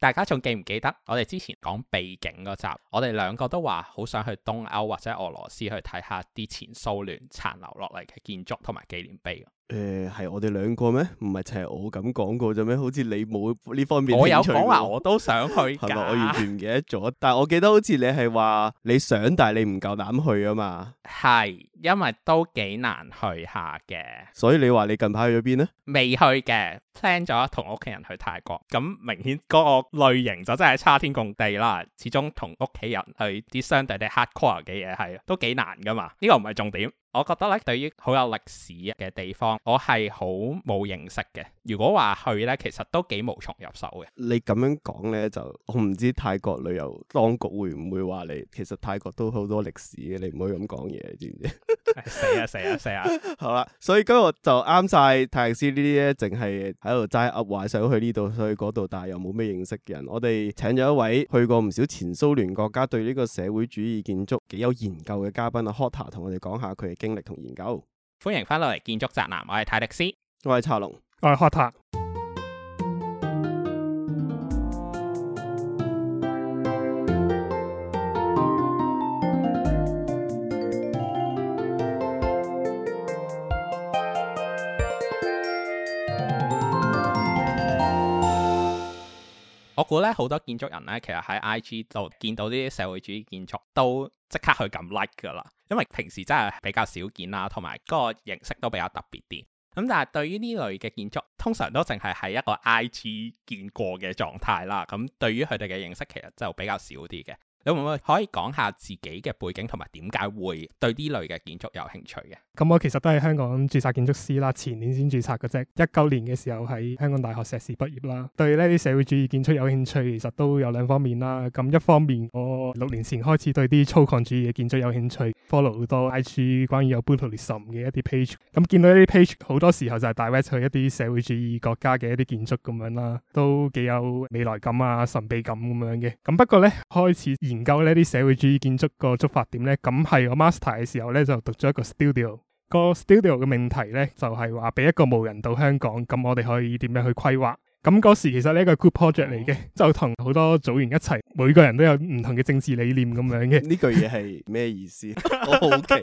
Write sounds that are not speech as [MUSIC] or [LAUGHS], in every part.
大家仲記唔記得我哋之前講背景嗰集？我哋兩個都話好想去東歐或者俄羅斯去睇下啲前蘇聯殘留落嚟嘅建築同埋紀念碑。誒，係、欸、我哋兩個咩？唔係就係我咁講過啫咩？好似你冇呢方面。我有講話，我都想去。係咪？我完全唔記得咗。 [LAUGHS] 但係我記得好似你係話你想，但係你唔夠膽去啊嘛？係，因為都幾難去下嘅。所以你話你近排去咗邊咧？未去嘅，plan 咗同屋企人去泰國。咁明顯嗰個類型就真係差天共地啦。始終同屋企人去啲相對啲 hard core 嘅嘢，係都幾難噶嘛？呢、這個唔係重點。我覺得咧，對於好有歷史嘅地方，我係好冇認識嘅。如果話去咧，其實都幾無從入手嘅。你咁樣講咧，就我唔知泰國旅遊當局會唔會話你，其實泰國都好多歷史嘅。你唔好咁講嘢，知唔知、 [LAUGHS] 哎？死啊死啊死啊！ [LAUGHS] 好啦，所以今日就啱晒，泰歷斯呢啲咧，淨係喺度齋噏壞，想去呢度去嗰度，但係又冇咩認識嘅人。我哋請咗一位去過唔少前蘇聯國家，對呢個社會主義建築幾有研究嘅嘉賓啊 Horta 同我哋講下佢嘅經。經歷同研究，歡迎翻落嚟！建築宅男，我係泰迪斯，我係茶龍，我係 Horta。我估呢好多建築人呢，其實喺 IG 度見到啲社會主義建築，都即刻去撳 like 噶啦。因為平時真係比較少見啦，同埋個形式都比較特別啲。咁但係對於呢類嘅建築，通常都淨係喺一個 IG 見過嘅狀態啦。咁對於佢哋嘅認識，其實就比較少啲嘅。你會唔會可以講下自己嘅背景同埋點解會對呢類嘅建築有興趣嘅？咁我其實都係香港註冊建築師啦，前年先註冊嘅啫。一九年嘅時候喺香港大學碩士畢業啦，對呢啲社會主義建築有興趣，其實都有兩方面啦。咁一方面我六年前開始對啲粗獷主義嘅建築有興趣，follow 好多 IG 關於有 Brutalism 嘅一啲 page，咁見到呢啲 page 好多時候就係 direct 去一啲社會主義國家嘅一啲建築咁樣啦，都幾有未來感啊、神秘感咁樣嘅。咁不過呢，開始。研究呢啲社會主義建築個觸發點咧，咁係我 master 嘅時候咧就讀咗一個 studio。個 studio 嘅命題咧就係話俾一個無人島香港，咁我哋可以點樣去規劃。咁嗰時其實呢個係 group project 嚟嘅，就同好多組員一齊，每個人都有唔同嘅政治理念咁樣嘅。呢句嘢係咩意思？我好奇，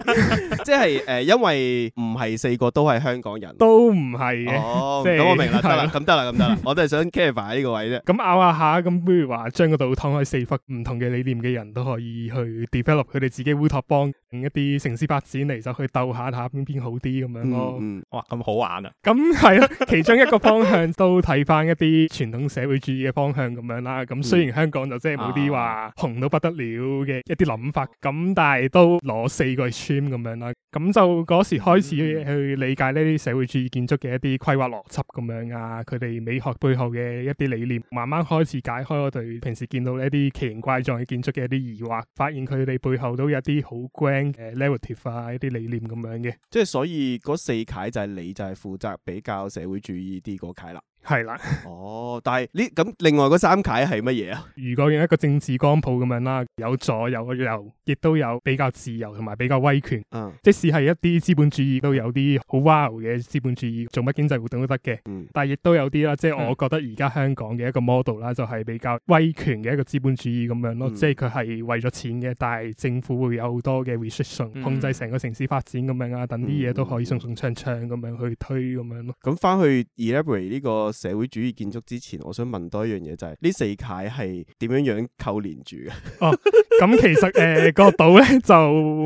即係誒，因為唔係四個都係香港人，都唔係嘅。哦，咁、即係、我明啦，得啦，咁得啦，咁得啦， [LAUGHS] 我都係想 care 下呢個位啫。咁拗下下，咁不如話將嗰度攤開，四忽唔同嘅理念嘅人都可以去 develop 佢哋自己烏托邦，一啲城市發展嚟就去鬥下下，邊邊好啲咁樣咯。嗯，哇，咁好玩啊！咁係咯，其中一個方向都睇翻。一啲傳統社會主義嘅方向咁樣啦，咁雖然香港就即係冇啲話紅到不得了嘅一啲諗法，咁但係都攞四軌 train 咁樣啦，咁就嗰時開始去理解呢啲社會主義建築嘅一啲規劃邏輯咁樣啊，佢哋美學背後嘅一啲理念，慢慢開始解開我對平時見到一啲奇形怪狀嘅建築嘅一啲疑惑，發現佢哋背後都有啲好 grand 嘅 narrative 啊，一啲理念咁樣嘅，即係所以嗰四階就係你就係負責比較社會主義啲嗰階啦。係啦，哦，但係呢，咁另外嗰三楷係乜嘢啊？如果用一個政治光譜咁樣啦，有左有右，亦都有比較自由同埋比較威權。嗯，即使係一啲資本主義都有啲好 wow 嘅資本主義，做乜經濟活動都得嘅。嗯，但係亦都有啲啦，即係我覺得而家香港嘅一個 model 啦，就係比較威權嘅一個資本主義咁樣咯。即係佢係為咗錢嘅，但係政府會有好多嘅 restriction 控制成個城市發展咁樣啊，等啲嘢都可以順順暢暢咁樣去推咁樣咯。咁翻去 elaborate 呢個。社會主義建築之前，我想問多一樣嘢、哦呃那個，就係呢四楷係點樣樣扣連住嘅？哦，咁其實誒個島咧，就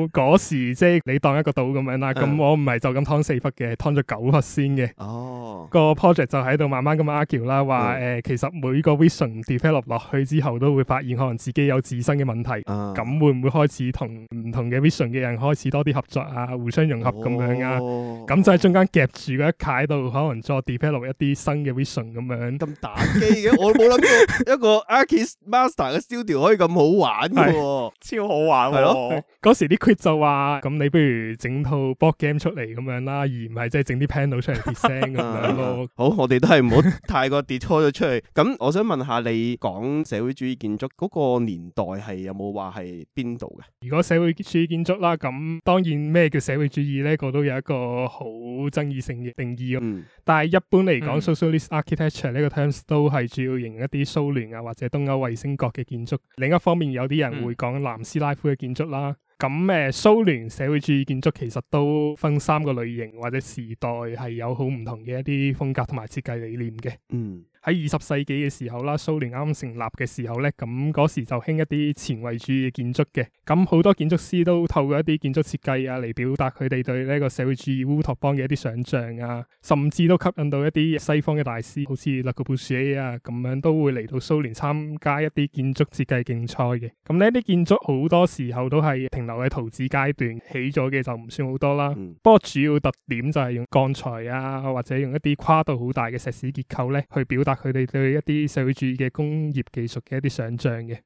嗰時即係你當一個島咁樣啦。咁、嗯、我唔係就咁劏四忽嘅，劏咗九忽先嘅。哦，個 project 就喺度慢慢咁 argue、er, 啦，話誒、嗯呃、其實每個 vision develop 落去之後都會發現可能自己有自身嘅問題。咁、嗯、會唔會開始同唔同嘅 vision 嘅人開始多啲合作啊？互相融合咁樣啊？咁、哦、就係中間夾住嗰一楷度，可能再 develop 一啲新嘅。咁樣咁打機嘅， [LAUGHS] 我冇諗過一個 Archi Master 嘅 Studio 可以咁好玩嘅， [LAUGHS] 超好玩。係咯，嗰時啲 quit 佢就話，咁你不如整套 board game 出嚟咁樣啦，而唔係即係整啲 panel 出嚟跌聲咁樣咯。 [LAUGHS] 好，我哋都係唔好太過跌開咗出嚟。咁 [LAUGHS] 我想問下你，講社會主義建築嗰個年代係有冇話係邊度嘅？如果社會主義建築啦，咁當然咩叫社會主義咧，個都有一個好爭議性嘅定義咯。嗯、但係一般嚟講，蘇蘇、嗯 architecture 呢個 terms 都係主要形容一啲蘇聯啊或者東歐衛星國嘅建築。另一方面有啲人會講南斯拉夫嘅建築啦。咁誒，蘇聯社會主義建築其實都分三個類型或者時代，係有好唔同嘅一啲風格同埋設計理念嘅。嗯、mm。Hmm. 喺二十世紀嘅時候啦，蘇聯啱啱成立嘅時候咧，咁嗰時就興一啲前衛主義嘅建築嘅，咁好多建築師都透過一啲建築設計啊嚟表達佢哋對呢個社會主義烏托邦嘅一啲想像啊，甚至都吸引到一啲西方嘅大師，好似勒柯布西耶啊咁樣，都會嚟到蘇聯參加一啲建築設計競賽嘅。咁呢啲建築好多時候都係停留喺圖紙階段，起咗嘅就唔算好多啦。不過、嗯、主要特點就係用鋼材啊，或者用一啲跨度好大嘅石屎結構咧，去表佢哋對一啲社會主義嘅工業技術嘅一啲想象嘅，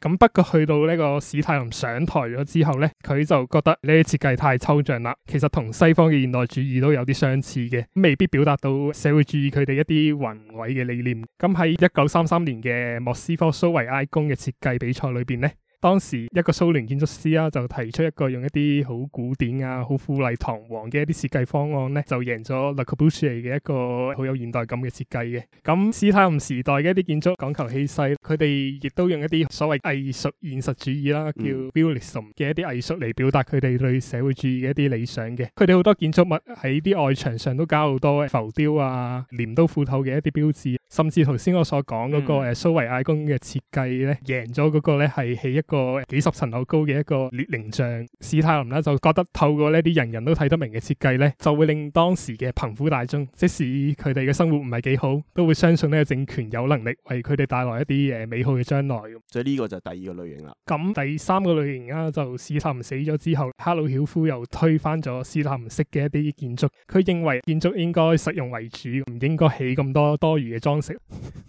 咁不過去到呢個史泰林上台咗之後呢，佢就覺得呢啲設計太抽象啦，其實同西方嘅現代主義都有啲相似嘅，未必表達到社會主義佢哋一啲宏偉嘅理念。咁喺一九三三年嘅莫斯科蘇維埃宮嘅設計比賽裏邊呢。當時一個蘇聯建築師啊，就提出一個用一啲好古典啊、好富麗堂皇嘅一啲設計方案咧，就贏咗 Le Corbusier 嘅一個好有現代感嘅設計嘅。咁史太林時代嘅一啲建築講求氣勢，佢哋亦都用一啲所謂藝術現實主義啦，叫 Bulism 嘅一啲藝術嚟表達佢哋對社會主義嘅一啲理想嘅。佢哋好多建築物喺啲外牆上都加好多浮雕啊、鐮刀斧頭嘅一啲標誌，甚至頭先我所講嗰、那個誒蘇維埃宮嘅設計咧，贏咗嗰個咧係起一。個幾十層樓高嘅一個列寧像，史太林呢就覺得透過呢啲人人都睇得明嘅設計呢，就會令當時嘅貧苦大眾，即使佢哋嘅生活唔係幾好，都會相信呢個政權有能力為佢哋帶來一啲誒美好嘅將來。咁，所以呢個就係第二個類型啦。咁第三個類型啦，就史太林死咗之後，赫魯曉夫又推翻咗史太林式嘅一啲建築，佢認為建築應該實用為主，唔應該起咁多多餘嘅裝飾，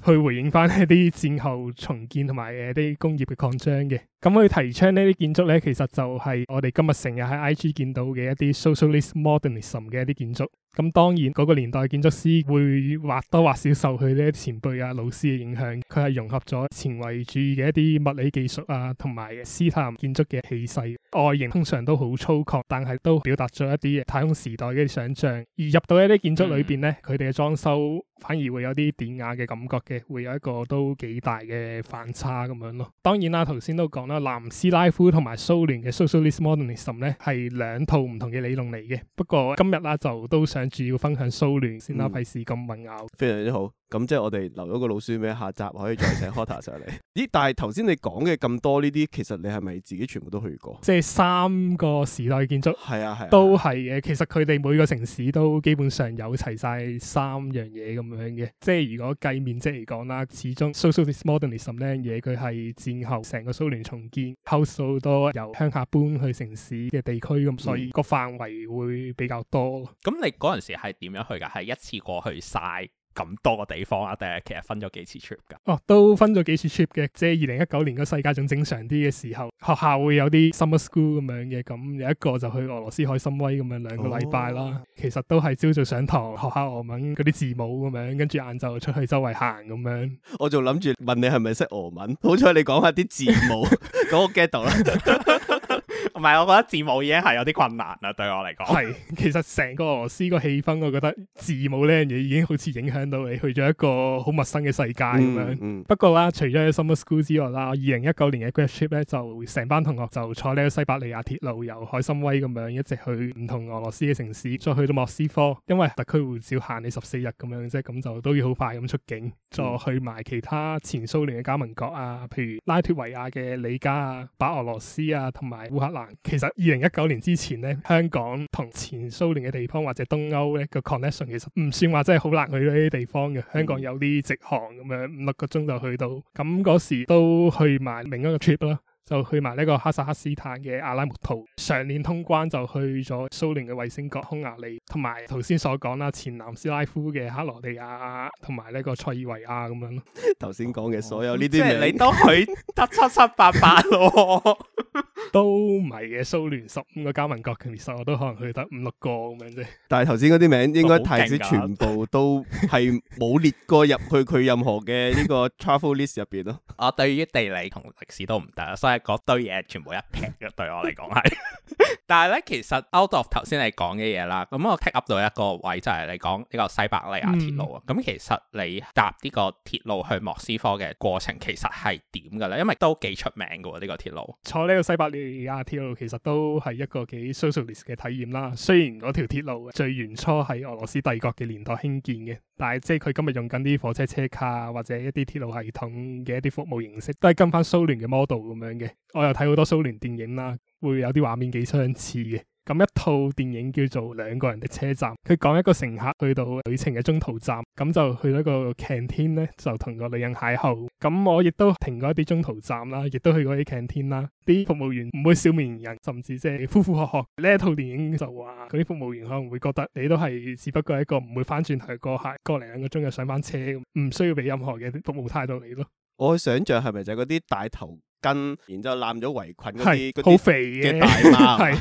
去回應翻一啲戰後重建同埋誒啲工業嘅擴張嘅。咁佢提倡呢啲建築咧，其實，就係我哋今日成日喺 I G 見到嘅一啲 Socialist Modernism 嘅一啲建築。咁當然嗰、那個年代建築師會或多或少受佢呢啲前輩啊老師嘅影響，佢係融合咗前衛主義嘅一啲物理技術啊，同埋斯大林建築嘅氣勢外形，通常都好粗獷，但係都表達咗一啲太空時代嘅想象。而入到一啲建築裏邊咧，佢哋嘅裝修反而會有啲典雅嘅感覺嘅，會有一個都幾大嘅反差咁樣咯。當然啦、啊，頭先都講啦，南斯拉夫蘇聯、so、同埋蘇聯嘅 Socialist Modernism 咧係兩套唔同嘅理論嚟嘅。不過今日啊就都想。主要分享蘇聯先啦，費事咁混淆，非常之好。咁即係我哋留咗個老鼠尾，下集可以再請 Horta 上嚟。咦？ [LAUGHS] 但係頭先你講嘅咁多呢啲，其實你係咪自己全部都去過？即係三個時代建築，係啊，係、啊、都係嘅。其實佢哋每個城市都基本上有齊晒三樣嘢咁樣嘅。即係如果計面積嚟講啦，始終 Soviet Modernism 呢嘢，佢係戰後成個蘇聯重建，後數多由鄉下搬去城市嘅地區咁，嗯、所以個範圍會比較多。咁你嗰陣時係點樣去㗎？係一次過去晒。咁多個地方啊？定係其實分咗幾次 trip 㗎？哦，都分咗幾次 trip 嘅。即係二零一九年個世界仲正常啲嘅時候，學校會有啲 summer school 咁樣嘅。咁有一個就去俄羅斯海參崴咁樣兩個禮拜啦。哦、其實都係朝早上堂學下俄文嗰啲字母咁樣，跟住晏晝出去周圍行咁樣。我就諗住問你係咪識俄文？好彩你講下啲字母，咁我 get 到啦。 [LAUGHS] 唔係，我覺得字母已經係有啲困難啦，對我嚟講。係，其實成個俄羅斯個氣氛，我覺得字母呢樣嘢已經好似影響到你去咗一個好陌生嘅世界咁樣。嗯嗯、不過啦，除咗 summer school 之外啦，二零一九年嘅 grad trip 咧，就成班同學就坐呢個西伯利亞鐵路由海參崴咁樣一直去唔同俄羅斯嘅城市，再去到莫斯科，因為特區護照限你十四日咁樣啫，咁就都要好快咁出境，再去埋其他前蘇聯嘅加盟國啊，譬如拉脱維亞嘅里加啊、白俄羅斯啊，同埋烏克蘭。其實二零一九年之前咧，香港同前蘇聯嘅地方或者東歐咧個 connection 其實唔算話真係好難去到呢啲地方嘅。香港有啲直航咁樣五六個鐘就去到，咁嗰時都去埋另一個 trip 啦。就去埋呢個哈薩克斯坦嘅阿拉木圖，上年通關就去咗蘇聯嘅衛星國匈牙利，同埋頭先所講啦，前南斯拉夫嘅克羅地亞同埋呢個塞爾維亞咁樣咯。頭先講嘅所有呢啲、哦、即係你都去得 [LAUGHS] 七七八八咯， [LAUGHS] 都唔係嘅。蘇聯十五個加盟國其實我都可能去得五六個咁樣啫。但係頭先嗰啲名應該太子全部都係冇 [LAUGHS] 列過入去佢任何嘅呢個 travel list 入邊咯。 [LAUGHS] 我對於地理同歷史都唔得，所嗰堆嘢全部一劈嘅，對我嚟講係。但係咧，其實 out of 頭先你講嘅嘢啦，咁我 take up 到一個位就係、是、你講呢個西伯利亞鐵路啊。咁、嗯、其實你搭呢個鐵路去莫斯科嘅過程，其實係點㗎咧？因為都幾出名噶呢、這個鐵路。坐呢個西伯利亞鐵路其實都係一個幾 socialist 嘅體驗啦。雖然嗰條鐵路最原初喺俄羅斯帝國嘅年代興建嘅。但係，即係佢今日用緊啲火車車卡或者一啲鐵路系統嘅一啲服務形式，都係跟返蘇聯嘅 model 咁樣嘅。我又睇好多蘇聯電影啦，會有啲畫面幾相似嘅。咁一套電影叫做《兩個人的車站》，佢講一個乘客去到旅程嘅中途站，咁就去到一個 canteen 咧，就同個女人邂逅。咁我亦都停過一啲中途站啦，亦都去過啲 canteen 啦。啲服務員唔會笑面迎人，甚至即係呼呼喝喝。呢一套電影就話，嗰啲服務員可能會覺得你都係只不過係一個唔會翻轉頭過客，過嚟兩個鐘嘅上班車，唔需要俾任何嘅服務態度你咯。我想像係咪就係嗰啲大頭？跟，然後攬咗圍裙嗰啲嗰啲好肥嘅大媽。係，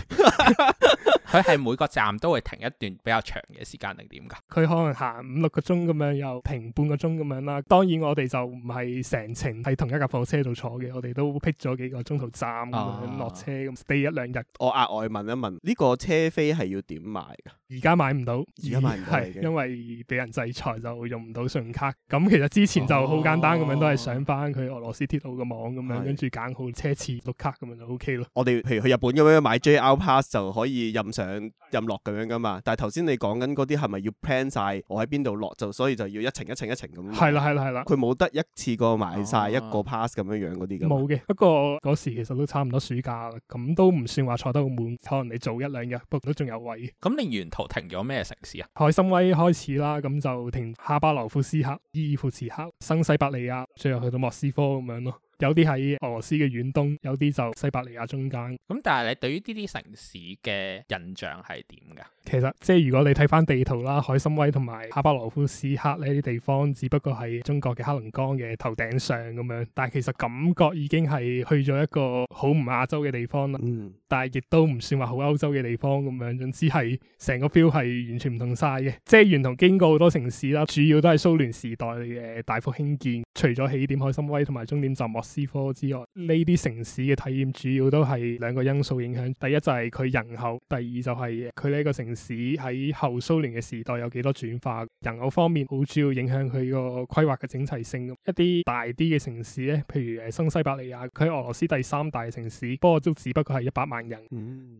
佢係每個站都會停一段比較長嘅時間定點㗎？佢可能行五六個鐘咁樣，又停半個鐘咁樣啦。當然我哋就唔係成程喺同一架火車度坐嘅，我哋都 pick 咗幾個中途站落車咁 stay、啊、一兩日。我、哦、額外問一問，呢、這個車飛係要點買㗎？而家買唔到，而家買唔到，係因為俾人制裁就用唔到信用卡。咁其實之前就好簡單咁樣，哦、都係上翻佢俄羅斯鐵路嘅網咁樣，是跟住揀好車次、碌卡咁樣就 OK 咯。我哋譬如去日本咁樣買 JR pass 就可以任上是任落咁樣噶嘛。但係頭先你講緊嗰啲係咪要 plan 晒我喺邊度落就，所以就要一程一程一程咁。係啦係啦係啦，佢冇得一次過買晒一個 pass 咁樣樣嗰啲、哦。冇嘅，不過嗰時其實都差唔多暑假啦，咁都唔算話坐得好滿，可能你早一兩日，不過都仲有位。咁你原。停咗咩城市啊？海參崴開始啦，咁就停哈巴羅夫斯克、伊爾庫茨克、新西伯利亞，最後去到莫斯科咁樣咯。有啲喺俄羅斯嘅遠東，有啲就西伯利亞中間。咁、嗯、但係你對於呢啲城市嘅印象係點㗎？其實即係如果你睇翻地圖啦，海參崴同埋哈巴羅夫斯克呢啲地方，只不過係中國嘅黑龍江嘅頭頂上咁樣。但係其實感覺已經係去咗一個好唔亞洲嘅地方啦。嗯。但係亦都唔算話好歐洲嘅地方咁樣，總之係成個 feel 係完全唔同晒嘅。即係沿途經過好多城市啦，主要都係蘇聯時代嘅大幅興建，除咗起點海參崴同埋終點站莫師科之外，呢啲城市嘅體驗主要都係兩個因素影響。第一就係佢人口，第二就係佢呢一個城市喺後蘇聯嘅時代有幾多轉化。人口方面好主要影響佢個規劃嘅整齊性。一啲大啲嘅城市咧，譬如誒新西伯利亞，佢喺俄羅斯第三大城市，不過都只不過係一百萬人。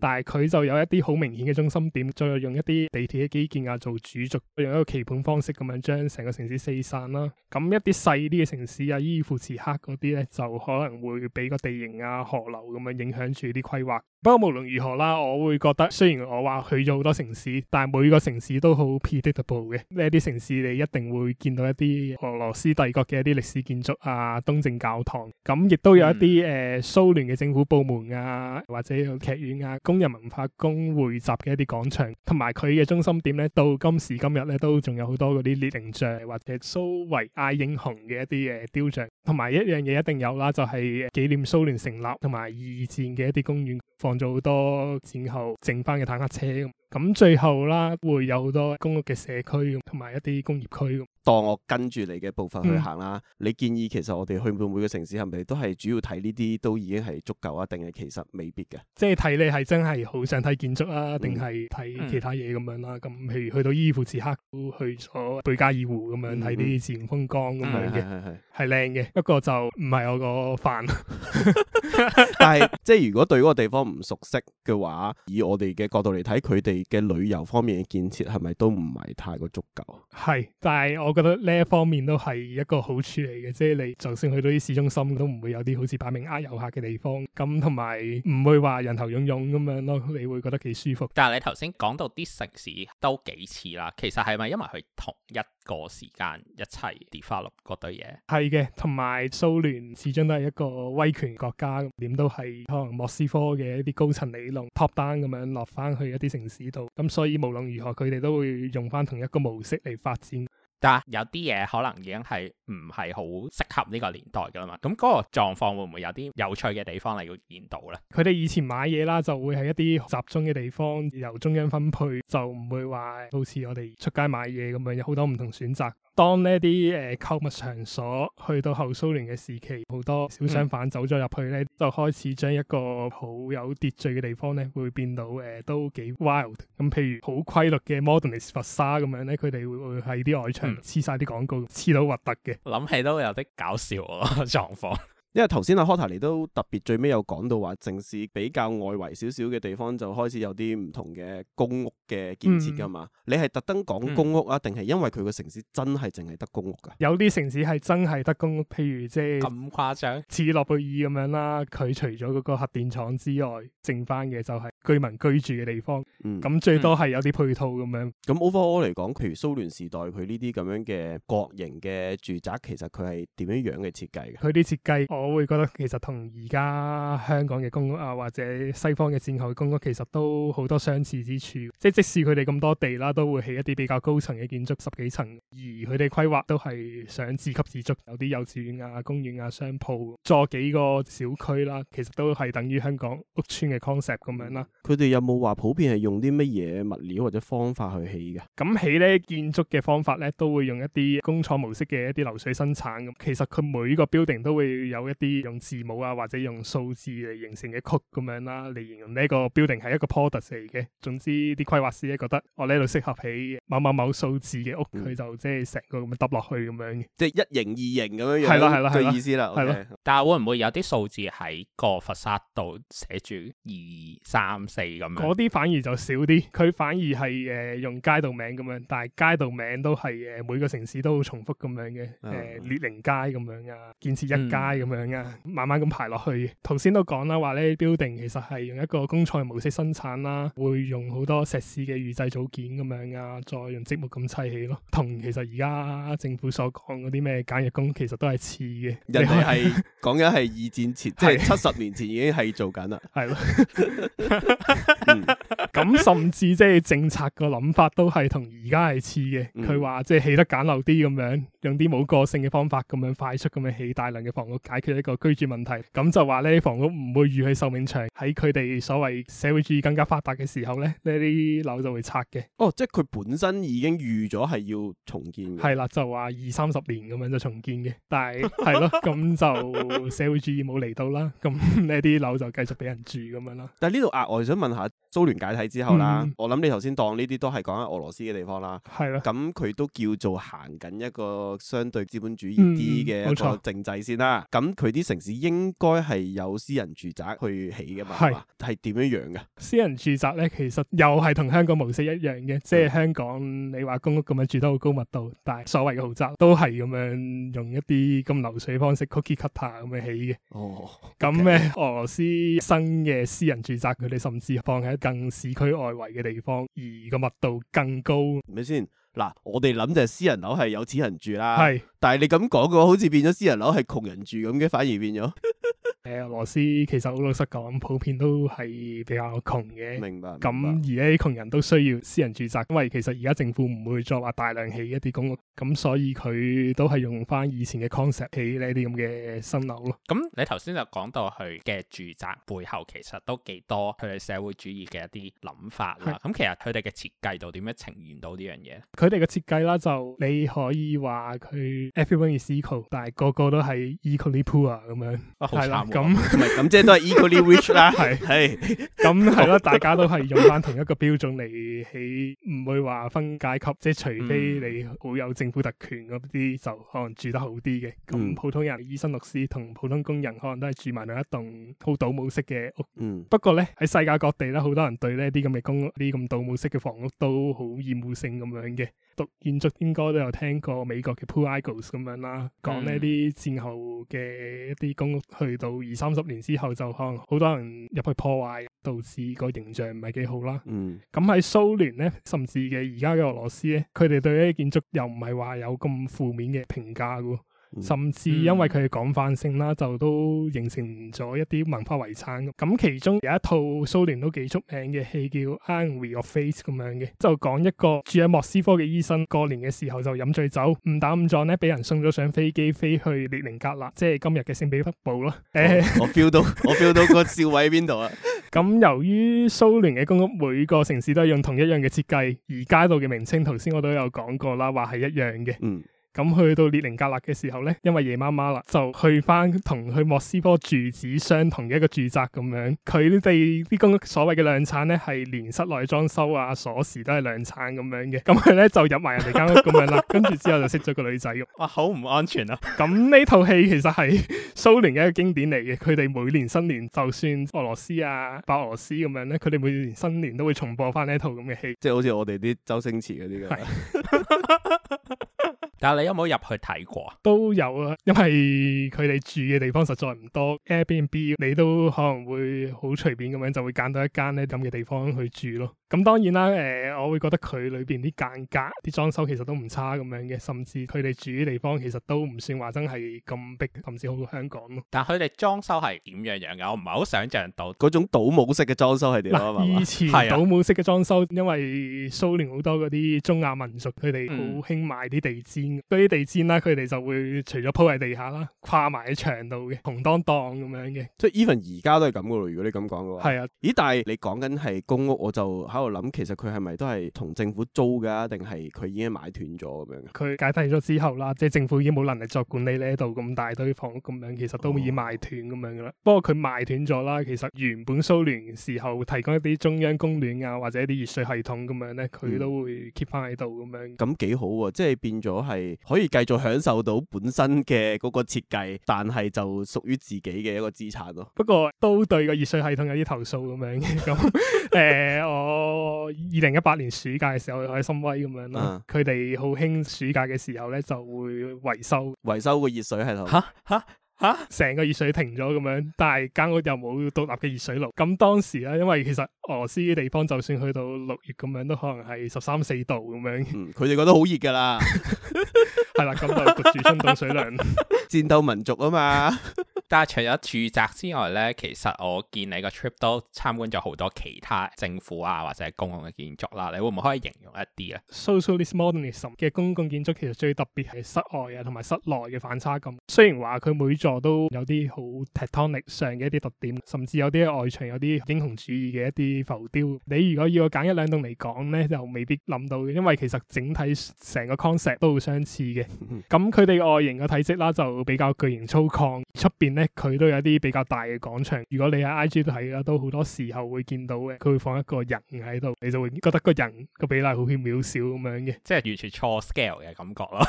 但係佢就有一啲好明顯嘅中心點，再用一啲地鐵嘅基建啊做主軸，用一個棋盤方式咁樣將成個城市四散啦。咁一啲細啲嘅城市啊，伊爾庫茨克嗰啲咧。就可能會俾個地形啊、河流咁樣影響住啲規劃。不過無論如何啦，我會覺得雖然我話去咗好多城市，但係每個城市都好 predictable 嘅。呢啲城市你一定會見到一啲俄羅斯帝國嘅一啲歷史建築啊，東正教堂，咁亦都有一啲誒蘇聯嘅政府部門啊，或者劇院啊，工人文化宮匯集嘅一啲廣場，同埋佢嘅中心點咧，到今時今日咧都仲有好多嗰啲列寧像或者蘇維埃英雄嘅一啲誒雕像，同埋一樣嘢一定有啦，就係、是、紀念蘇聯成立同埋二戰嘅一啲公園。放咗好多戰後剩返嘅坦克車咁，最後啦會有好多公屋嘅社區，同埋一啲工業區。當我跟住你嘅部分去行啦，嗯、你建議其實我哋去每每個城市係咪都係主要睇呢啲都已經係足夠啊？定係其實未必嘅。即係睇你係真係好想睇建築啊，定係睇其他嘢咁樣啦、啊。咁譬如去到伊夫茨克都去咗貝加爾湖咁樣睇啲、嗯、自然風光咁樣嘅，係靚嘅。不、嗯、過就唔係我個飯。 [LAUGHS] [LAUGHS] 但係即係如果對嗰個地方唔熟悉嘅話，以我哋嘅角度嚟睇，佢哋嘅旅遊方面嘅建設係咪都唔係太過足夠？係，但係我。我覺得呢一方面都係一個好處嚟嘅，就是、即係你就算去到啲市中心，都唔會有啲好似擺明呃遊客嘅地方，咁同埋唔會話人頭涌湧咁樣咯，你會覺得幾舒服。但係你頭先講到啲城市都幾似啦，其實係咪因為佢同一個時間一齊跌花 v 嗰堆嘢？係嘅，同埋蘇聯始終都係一個威權國家，點都係可能莫斯科嘅一啲高層理論 top down 咁樣落翻去一啲城市度，咁所以無論如何佢哋都會用翻同一個模式嚟發展。但有啲嘢可能已經係唔係好適合呢個年代噶啦嘛，咁嗰個狀況會唔會有啲有趣嘅地方嚟到見到咧？佢哋以前買嘢啦，就會喺一啲集中嘅地方由中央分配，就唔會話好似我哋出街買嘢咁樣有好多唔同選擇。當呢啲誒、呃、購物場所去到後蘇聯嘅時期，好多小商販走咗入去咧，嗯、就開始將一個好有秩序嘅地方咧，會變到誒、呃、都幾 wild。咁譬如好規律嘅 modernist 佛沙咁樣咧，佢哋會喺啲外牆黐晒啲廣告，黐到核突嘅。諗起都有啲搞笑喎 [LAUGHS] 狀況。 [LAUGHS] 因為頭先阿 Horta 你都特別最尾有講到話，城市比較外圍少少嘅地方就開始有啲唔同嘅公屋嘅建設噶嘛。你係特登講公屋啊，定係、嗯、因為佢個城市真係淨係得公屋噶？有啲城市係真係得公屋，譬如即係咁誇張，似諾貝爾咁樣啦。佢除咗嗰個核電廠之外，剩翻嘅就係、是。居民居住嘅地方，咁、嗯、最多係有啲配套咁樣。咁 overall 嚟講，譬如蘇聯時代佢呢啲咁樣嘅國營嘅住宅，其實佢係點樣樣嘅設計嘅？佢啲設計我會覺得其實同而家香港嘅公屋啊，或者西方嘅戰後公屋，其實都好多相似之處。即係即使佢哋咁多地啦，都會起一啲比較高層嘅建築，十幾層，而佢哋規劃都係想自給自足，有啲幼稚園啊、公園啊、商鋪，做幾個小區啦，其實都係等於香港屋邨嘅 concept 咁樣啦。嗯佢哋有冇話普遍係用啲乜嘢物料或者方法去起嘅？咁起咧建築嘅方法咧都會用一啲工廠模式嘅一啲流水生產咁。其實佢每個 building 都會有一啲用字母啊或者用數字嚟形成嘅曲咁樣啦，嚟形容呢一個 building 係一個 pattern 嚟嘅。總之啲規劃師咧覺得我呢度適合起某，某某某數字嘅屋，佢、嗯、就、就即係成個咁樣揼落去咁樣嘅了，即係一型二型咁樣樣嘅意思啦。係咯，但係會唔會有啲數字喺個佛沙度寫住二三？嗰啲反而就少啲，佢反而係誒、呃、用街道名咁樣，但係街道名都係誒、呃、每個城市都好重複咁樣嘅誒列寧街咁樣啊，建設一街咁樣啊，嗯、慢慢咁排落去。頭先都講啦，話呢，building 其實係用一個工廠模式生產啦，會用好多石屎嘅預製組件咁樣啊，再用積木咁砌起咯。同其實而家政府所講嗰啲咩簡約工，其實都係似嘅。人哋係講緊係二戰前，即係七十年前已經係做緊啦。係咯。咁、 [LAUGHS] 嗯、甚至即係政策嘅諗法都係同而家係似嘅，佢話即係起得簡陋啲咁樣。用啲冇個性嘅方法，咁樣快速咁樣起大量嘅房屋，解決一個居住問題，咁就話呢房屋唔會預係壽命長，喺佢哋所謂社會主義更加發達嘅時候呢，呢啲樓就會拆嘅。哦，即係佢本身已經預咗係要重建嘅。係啦，就話二三十年咁樣就重建嘅，但係係咯，咁 [LAUGHS] 就社會主義冇嚟到啦，咁呢啲樓就繼續俾人住咁樣啦。但係呢度額外我想問下蘇聯解體之後啦，嗯、我諗你頭先當呢啲都係講緊俄羅斯嘅地方啦，係咯了，咁佢都叫做行緊一個。個相對資本主義啲嘅冇個、嗯、錯政制先啦，咁佢啲城市應該係有私人住宅去起噶嘛？係係點樣樣噶？私人住宅咧，其實又係同香港模式一樣嘅，即、就、係、是、香港、嗯、你話公屋咁樣住得好高密度，但係所謂嘅豪宅都係咁樣用一啲咁流水方式 cookie cutter 咁樣起嘅。哦，咁咧樣 okay 俄羅斯新嘅私人住宅，佢哋甚至放喺更市區外圍嘅地方，而個密度更高，明先？嗱，我哋諗就係私人樓係有錢人住啦，是但係你咁講嘅話，好似變咗私人樓係窮人住咁嘅，反而變咗。 [LAUGHS] 誒，俄羅斯其實好老實講，普遍都係比較窮嘅。明白。咁而咧，啲窮人都需要私人住宅，因為其實而家政府唔會再話大量起一啲公屋，咁所以佢都係用翻以前嘅 concept 起呢啲咁嘅新樓咯。咁你頭先就講到佢嘅住宅背後其實都幾多佢哋社會主義嘅一啲諗法啦。咁是其實佢哋嘅設計到點樣呈現到呢樣嘢？佢哋嘅設計啦，就你可以話佢 everyone is equal，但係個個都係 equally poor 咁樣。啊，好咁唔係咁，即係都係 equally rich 啦，係係咁係咯，大家都係用翻同一個標準嚟起，唔會話分階級，即係除非你好有政府特權嗰啲，就可能住得好啲嘅。咁普通人醫生、律師同普通工人，可能都係住埋同一棟倒模式嘅屋。嗯， [LAUGHS] [LAUGHS] 不過咧，喺世界各地咧，好多人對呢啲咁嘅公，啲咁倒模式嘅房屋都好厭惡性咁樣嘅。讀建築應該都有聽過美國嘅 Pruitt-Igoe 咁樣啦，講呢啲戰後嘅一啲公屋，去到二三十年之後就可能好多人入去破壞，導致個形象唔係幾好啦。嗯。咁喺蘇聯呢，甚至嘅而家嘅俄羅斯呢，佢哋對呢啲建築又唔係話有咁負面嘅評價嘅喎。嗯、甚至因為佢嘅廣泛性啦，嗯、就都形成咗一啲文化遺產咁。其中有一套蘇聯都幾出名嘅戲叫《Irony of Fate》咁樣嘅，就講一個住喺莫斯科嘅醫生過年嘅時候就飲醉酒，誤打誤撞呢，咧，俾人送咗上飛機飛去列寧格勒，即係今日嘅聖彼得堡咯。誒我， [LAUGHS] 我 feel 到，我 feel 到個笑位喺邊度啊？咁 [LAUGHS] 由於蘇聯嘅公屋每個城市都係用同一樣嘅設計，而街道嘅名稱，頭先我都有講過啦，話係一樣嘅。嗯。咁去到列寧格勒嘅時候咧，因為夜媽媽啦，就去翻同去莫斯科住址相同嘅一個住宅咁樣。佢哋啲公屋所謂嘅量產咧，係連室內裝修啊鎖匙都係量產咁樣嘅。咁佢咧就入埋人哋間屋咁樣啦， [LAUGHS] 跟住之後就識咗個女仔咁。哇，好唔安全啊！咁呢套戲其實係蘇聯嘅一個經典嚟嘅。佢哋每年新年，就算俄羅斯啊、白俄羅斯咁樣咧，佢哋每年新年都會重播翻呢一套咁嘅戲。即係好似我哋啲周星馳嗰啲嘅。係 [LAUGHS] [LAUGHS] [LAUGHS] 有冇入去睇過？都有啊，因為佢哋住嘅地方實在唔多 Airbnb，你都可能會好隨便咁樣就會揀到一間咧咁嘅地方去住咯。咁當然啦，誒，我會覺得佢裏邊啲間隔、啲裝修其實都唔差咁樣嘅，甚至佢哋住嘅地方其實都唔算話真係咁逼，甚至好過香港咯。但係佢哋裝修係點樣樣嘅？我唔係好想像到嗰種倒模式嘅裝修係點啊嘛。以前倒模式嘅裝修，因為蘇聯好多嗰啲中亞民族，佢哋好興賣啲地氈。嗰啲地氈啦，佢哋就會除咗鋪喺地下啦，跨埋喺牆度嘅，紅當當咁樣嘅。即係 even 而家都係咁噶咯，如果你咁講嘅話。係啊。咦，但係你講緊係公屋，我就喺度諗，其實佢係咪都係同政府租㗎，定係佢已經買斷咗咁樣？佢解體咗之後啦，即係政府已經冇能力再管理呢度咁大堆房屋咁樣，其實都已經賣斷咁樣噶啦。哦，不過佢賣斷咗啦，其實原本蘇聯時候提供一啲中央供暖啊，或者一啲熱水系統咁樣咧，佢都會 keep 翻喺度咁樣。咁幾好喎，即係變咗係。可以繼續享受到本身嘅嗰個設計，但係就屬於自己嘅一個資產咯。不過都對個熱水系統有啲投訴咁樣嘅咁。誒、 [LAUGHS] [LAUGHS] 呃，我二零一八年暑假嘅時候去海參崴咁樣咯，佢哋好興暑假嘅時候咧就會維修維修個熱水系統。嚇嚇！吓，成哈個熱水停咗咁樣，但係間屋又冇獨立嘅熱水爐。咁當時咧，因為其實俄羅斯啲地方就算去到六月咁樣，都可能係十三四度咁樣。佢哋、嗯、覺得好熱噶啦，係啦， [LAUGHS] [LAUGHS] 咁就焗住沖凍水涼， [LAUGHS] 戰鬥民族啊嘛。 [LAUGHS] 但係除咗住宅之外咧，其實我見你個 trip 都參觀咗好多其他政府啊，或者公共嘅建築啦，啊。你會唔會可以形容一啲啊？Socialist Modernism 嘅公共建築其實最特別係室外啊，同埋室內嘅反差感。雖然話佢每座都有啲好 tectonic 上嘅一啲特點，甚至有啲外牆有啲英雄主義嘅一啲浮雕。你如果要我揀一兩棟嚟講咧，就未必諗到嘅，因為其實整體成個 concept 都好相似嘅。咁佢哋外形嘅體積啦，就比較巨型粗獷出邊。佢都有啲比較大嘅廣場，如果你喺 IG 都睇啦，都好多時候會見到嘅，佢會放一個人喺度，你就會覺得個人個比例好似渺小咁樣嘅，即係完全錯 scale 嘅感覺咯。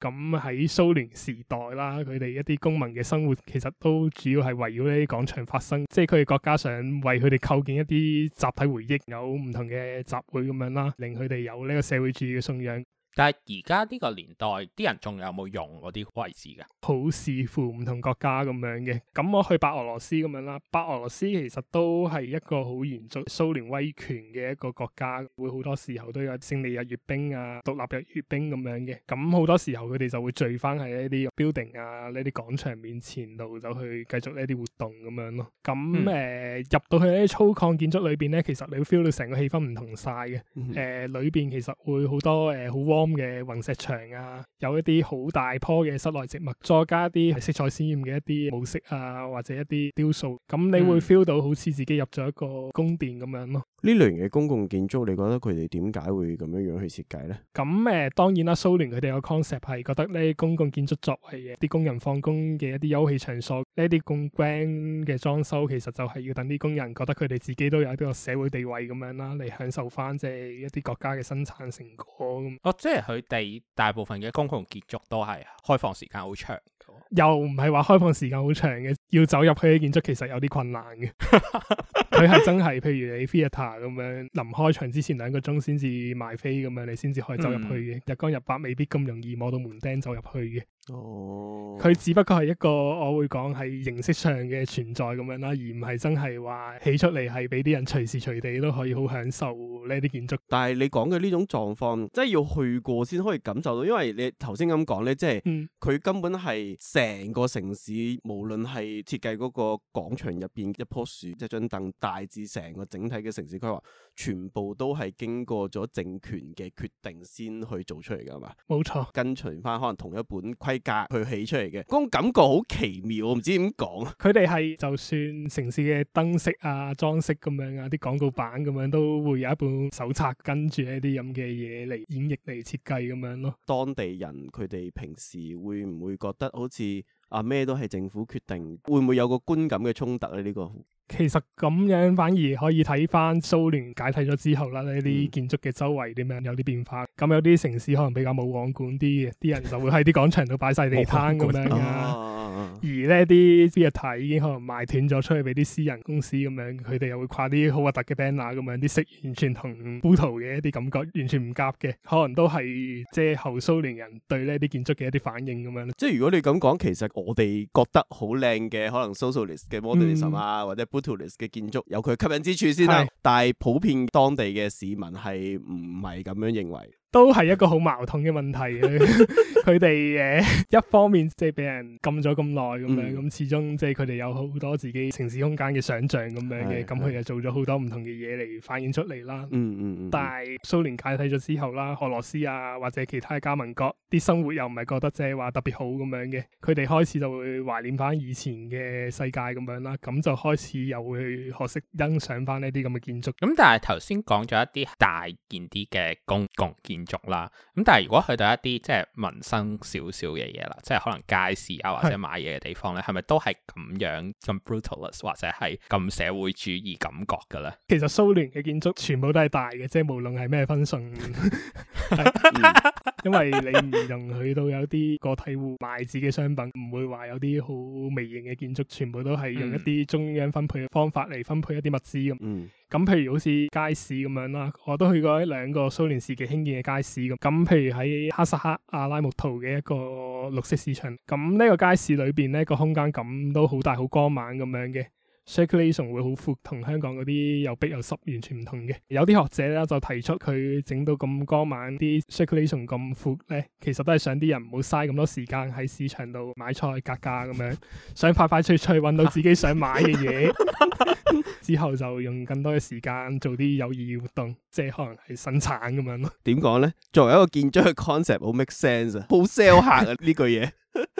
咁喺蘇聯時代啦，佢哋一啲公民嘅生活其實都主要係圍繞呢啲廣場發生，即係佢哋國家想為佢哋構建一啲集體回憶，有唔同嘅集會咁樣啦，令佢哋有呢個社會主義嘅信仰。但係而家呢個年代，啲人仲有冇用嗰啲位置嘅？好視乎唔同國家咁樣嘅。咁我去白俄羅斯咁樣啦，白俄羅斯其實都係一個好嚴重蘇聯威權嘅一個國家，會好多時候都有勝利日閱兵啊、獨立日閱兵咁樣嘅。咁好多時候佢哋就會聚翻喺呢啲 building 啊、呢啲廣場面前度，就去繼續呢啲活動咁樣咯。咁誒、嗯呃，入到去呢啲粗獷建築裏邊咧，其實你會 feel 到成個氣氛唔同晒嘅。誒、嗯呃，裏邊其實會好多誒好、呃嘅雲石牆啊，有一啲好大棵嘅室內植物，再加一啲色彩鮮艷嘅一啲布飾啊，或者一啲雕塑，咁你會 feel 到好似自己入咗一個宮殿咁樣咯。呢類嘅公共建築，你覺得佢哋點解會咁樣樣去設計呢？咁誒，當然啦，蘇聯佢哋個 concept 係覺得呢，公共建築作為嘅啲工人放工嘅一啲休憩場所，呢一啲咁 grand 嘅裝修，其實就係要等啲工人覺得佢哋自己都有一個社會地位咁樣啦，嚟享受翻即係一啲國家嘅生產成果咁。即係佢哋大部分嘅公共建築都係開放時間好長，又唔係話開放時間好長嘅。要走入去嘅建築其實有啲困難嘅，佢係真係，譬如你 theater 咁樣，臨開場之前兩個鐘先至賣飛咁樣，你先至可以走入去嘅。嗯、日光日白未必咁容易摸到門釘走入去嘅。哦，佢只不過係一個我會講係形式上嘅存在咁樣啦，而唔係真係話起出嚟係俾啲人隨時隨地都可以好享受呢啲建築。但係你講嘅呢種狀況，即係要去過先可以感受到，因為你頭先咁講呢，即係佢、嗯、根本係成個城市，無論係。設計嗰個廣場入邊一棵樹，一張凳，大致成個整體嘅城市規劃，全部都係經過咗政權嘅決定先去做出嚟噶嘛？冇錯，跟隨翻可能同一本規格去起出嚟嘅，嗰種感覺好奇妙，我唔知點講。佢哋係就算城市嘅燈飾啊、裝飾咁樣啊、啲廣告板咁樣，都會有一本手冊跟住呢啲咁嘅嘢嚟演繹嚟設計咁樣咯。當地人佢哋平時會唔會覺得好似？啊，咩都係政府決定，會唔會有個觀感嘅衝突咧？呢個其實咁樣反而可以睇翻蘇聯解體咗之後啦，呢啲、嗯、建築嘅周圍點樣有啲變化。咁有啲城市可能比較冇王管啲，啲人就會喺啲廣場度擺晒地攤咁 [LAUGHS] 樣噶。 [LAUGHS] 啊而呢啲邊日睇已經可能賣斷咗出去俾啲私人公司咁樣，佢哋又會掛啲好核突嘅 banner 咁樣，啲色完全同 Brutalist 嘅一啲感覺完全唔夾嘅，可能都係即係後蘇聯人對呢啲建築嘅一啲反應咁樣。即係如果你咁講，其實我哋覺得好靚嘅，可能 Socialist 嘅 Modernism 啊，嗯、或者 Brutalist 嘅建築有佢吸引之處先啦，是但係普遍當地嘅市民係唔係咁樣認為？都係一個好矛盾嘅問題， [LAUGHS] [LAUGHS] 佢哋誒，一方面即係俾人禁咗咁耐咁樣，咁、嗯、始終即係佢哋有好多自己城市空間嘅想象咁、嗯、樣嘅，咁佢就做咗好多唔同嘅嘢嚟反映出嚟啦。嗯嗯，嗯，嗯但係蘇聯解體咗之後啦，俄羅斯啊或者其他加盟國啲生活又唔係覺得即係話特別好咁樣嘅，佢哋開始就會懷念翻以前嘅世界咁樣啦，咁就開始又會學識欣賞翻呢啲咁嘅建築。咁但係頭先講咗一啲大件啲嘅公共建築建築啦，咁但係如果去到一啲即係民生少少嘅嘢啦，即係可能街市啊或者買嘢嘅地方咧，係咪是的 都係咁樣咁 brutalist 或者係咁社會主義感覺嘅咧？其實蘇聯嘅建築全部都係大嘅，即係無論係咩分寸，因為你唔容許到有啲個體戶賣自己商品，唔會話有啲好微型嘅建築，全部都係用一啲中央分配嘅方法嚟分配一啲物資咁。嗯嗯咁譬如好似街市咁樣啦，我都去過一兩個蘇聯時期興建嘅街市咁。咁譬如喺哈薩克阿拉木圖嘅一個綠色市場，咁呢個街市裏面呢個空間感都好大好光猛咁樣嘅。Circulation 會好闊，同香港嗰啲又逼又濕完全唔同嘅。有啲學者咧就提出佢整到咁光猛啲 circulation 咁闊咧，其實都係想啲人唔好嘥咁多時間喺市場度買菜格價咁樣，想快快脆脆揾到自己想買嘅嘢， [LAUGHS] [LAUGHS] 之後就用更多嘅時間做啲有意義活動，即係可能係生產咁樣咯。點講咧？作為一個建築嘅 concept，好 make sense 啊，好 sell 客啊呢句嘢。 [LAUGHS]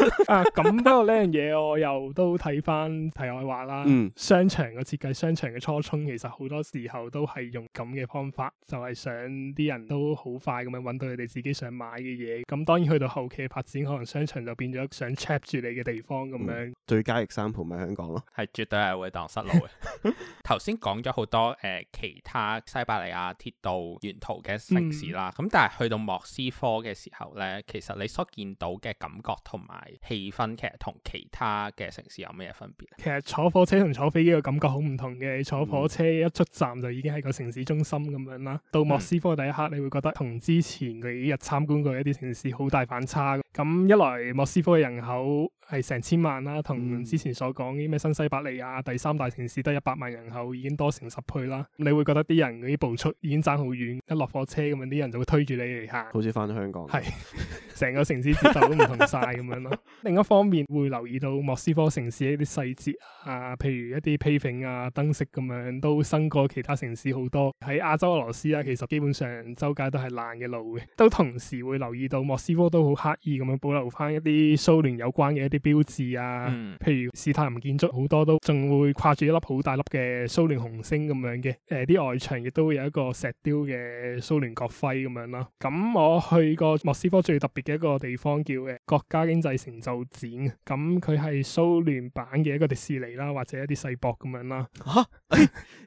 [LAUGHS] 啊，咁不過呢樣嘢我又都睇翻題外話啦、嗯，商設計。商場嘅設計，商場嘅初衷其實好多時候都係用咁嘅方法，就係、是、想啲人都好快咁樣揾到佢哋自己想買嘅嘢。咁當然去到後期嘅發展，可能商場就變咗想 trap 住你嘅地方咁樣、嗯。最佳 example 咪香港咯？係絕對係會蕩失路嘅。頭先講咗好多誒、呃，其他西伯利亞鐵道沿途嘅城市啦。咁、嗯、但係去到莫斯科嘅時候呢，其實你所見到嘅感覺同埋。氣氛其實同其他嘅城市有咩分別？其實坐火車同坐飛機嘅感覺好唔同嘅。坐火車一出站就已經係個城市中心咁樣啦。到莫斯科嘅第一刻你會覺得同之前佢一日參觀過一啲城市好大反差。咁一來莫斯科嘅人口係成千萬啦，同之前所講啲咩新西伯利亞第三大城市得一百萬人口已經多成十倍啦。你會覺得啲人啲步速已經爭好遠，一落火車咁樣啲人就會推住你嚟行。好似翻咗香港，係成個城市節奏都唔同晒咁樣咯。 [LAUGHS] [LAUGHS] 另一方面會留意到莫斯科城市一啲細節啊，譬如一啲批 a 啊、燈飾咁樣都新過其他城市好多。喺亞洲俄羅斯啊，其實基本上周街都係爛嘅路嘅。都同時會留意到莫斯科都好刻意咁樣保留翻一啲蘇聯有關嘅一啲標誌啊，嗯、譬如史泰林建築好多都仲會跨住一粒好大粒嘅蘇聯紅星咁樣嘅。誒、呃，啲外牆亦都會有一個石雕嘅蘇聯國徽咁樣咯。咁、嗯、我去過莫斯科最特別嘅一個地方叫嘅、呃、國家經濟城。成就展，咁佢係蘇聯版嘅一個迪士尼啦，或者一啲世博咁樣啦。吓、啊，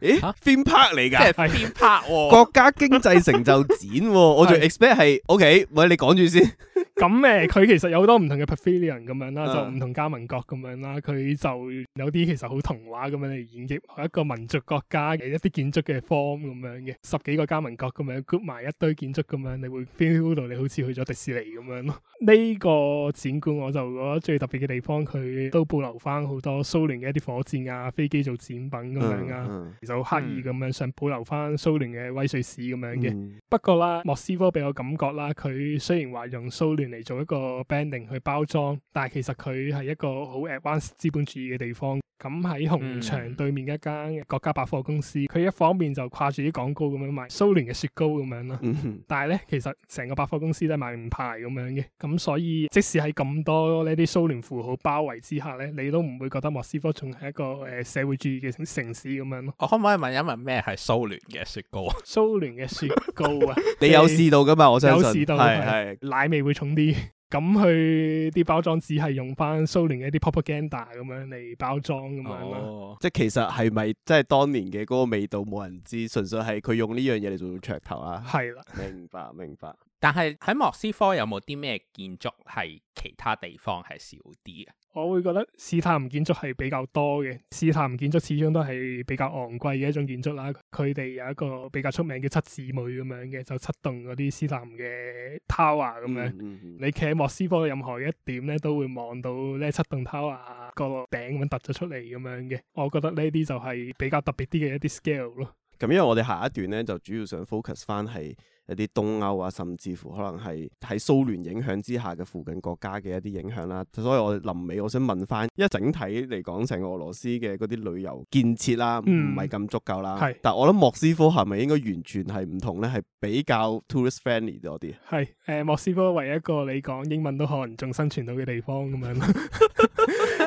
咦、欸？啊、片拍嚟噶？係片拍、啊、 [LAUGHS] 國家經濟成就展、啊， [LAUGHS] 我仲 expect 係。OK，喂，你講住先。咁誒，佢 [LAUGHS] 其實有好多唔同嘅 pavilion 咁樣啦，就唔同加盟國咁樣啦，佢就有啲其實好童話咁樣嚟演繹一個民族國家嘅一啲建築嘅 form 咁樣嘅，十幾個加盟國咁樣 group 埋一堆建築咁樣，你會 feel 到你好似去咗迪士尼咁樣咯。呢、這個展館我就覺得最特別嘅地方，佢都保留翻好多蘇聯嘅一啲火箭啊、飛機做展品咁樣啊，其實好 [LAUGHS] 刻意咁樣想保留翻蘇聯嘅威水史咁樣嘅。不過啦，莫斯科俾我感覺啦，佢雖然話用蘇聯。嚟做一個 banding 去包裝，但係其實佢係一個好 advance 資本主義嘅地方。咁、嗯、喺、嗯、紅場對面一間國家百貨公司，佢一方面就跨住啲廣告咁樣賣蘇聯嘅雪糕咁樣咯。但係咧，其實成個百貨公司都係賣名牌咁樣嘅。咁所以即使喺咁多呢啲蘇聯符號包圍之下咧，你都唔會覺得莫斯科仲係一個誒社會主義嘅城市咁樣咯。嗯、我可唔可以問一問咩係蘇聯嘅雪，雪糕啊？蘇聯嘅雪糕啊？你有試到噶嘛？我真係有試到，係奶味會重。啲咁佢啲包裝，只係用翻蘇聯嘅一啲 propaganda 咁樣嚟包裝咁樣咯。即係其實係咪即係當年嘅嗰個味道冇人知，純粹係佢用呢樣嘢嚟做到噱頭啊？係啦是的，明白明白。但係喺莫斯科有冇啲咩建築係其他地方係少啲嘅？我會覺得史太林建築係比較多嘅。史太林建築始終都係比較昂貴嘅一種建築啦。佢哋有一個比較出名嘅七姊妹咁樣嘅，就七棟嗰啲史太林嘅 tower 咁樣。嗯嗯嗯，你企喺莫斯科任何一點咧，都會望到咧七棟 tower 個頂咁樣凸咗出嚟咁樣嘅。我覺得呢啲就係比較特別啲嘅一啲 scale 咯。咁、嗯嗯嗯、因為我哋下一段咧，就主要想 focus 翻係。一啲東歐啊，甚至乎可能係喺蘇聯影響之下嘅附近國家嘅一啲影響啦。 [NOISE] 所以我臨尾我想問翻，因為整體嚟講，成個俄羅斯嘅嗰啲旅遊建設啦，唔係咁足夠啦。係、嗯，但我諗莫斯科係咪應該完全係唔同咧？係比較 tourist friendly 多啲。係，誒、呃、莫斯科唯一一個你講英文都可能仲生存到嘅地方咁樣咯。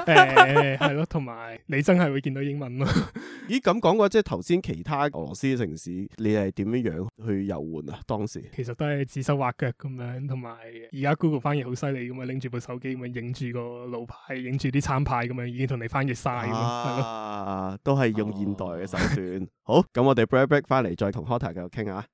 誒係咯，同埋、 [LAUGHS] [LAUGHS] 哎、你真係會見到英文咯。 [LAUGHS] 咦？咁講過即係頭先其他俄羅斯嘅城市，你係點樣樣去遊玩啊？當時其實都係指手畫腳咁樣，同埋而家 Google 翻譯好犀利咁啊！拎住部手機咁啊，影住個路牌，影住啲餐牌咁啊，已經同你翻譯晒。啊，對吧 都係用現代嘅手段。啊、 [LAUGHS] 好，咁我哋 br break break 翻嚟，再同 Horta 繼續傾下。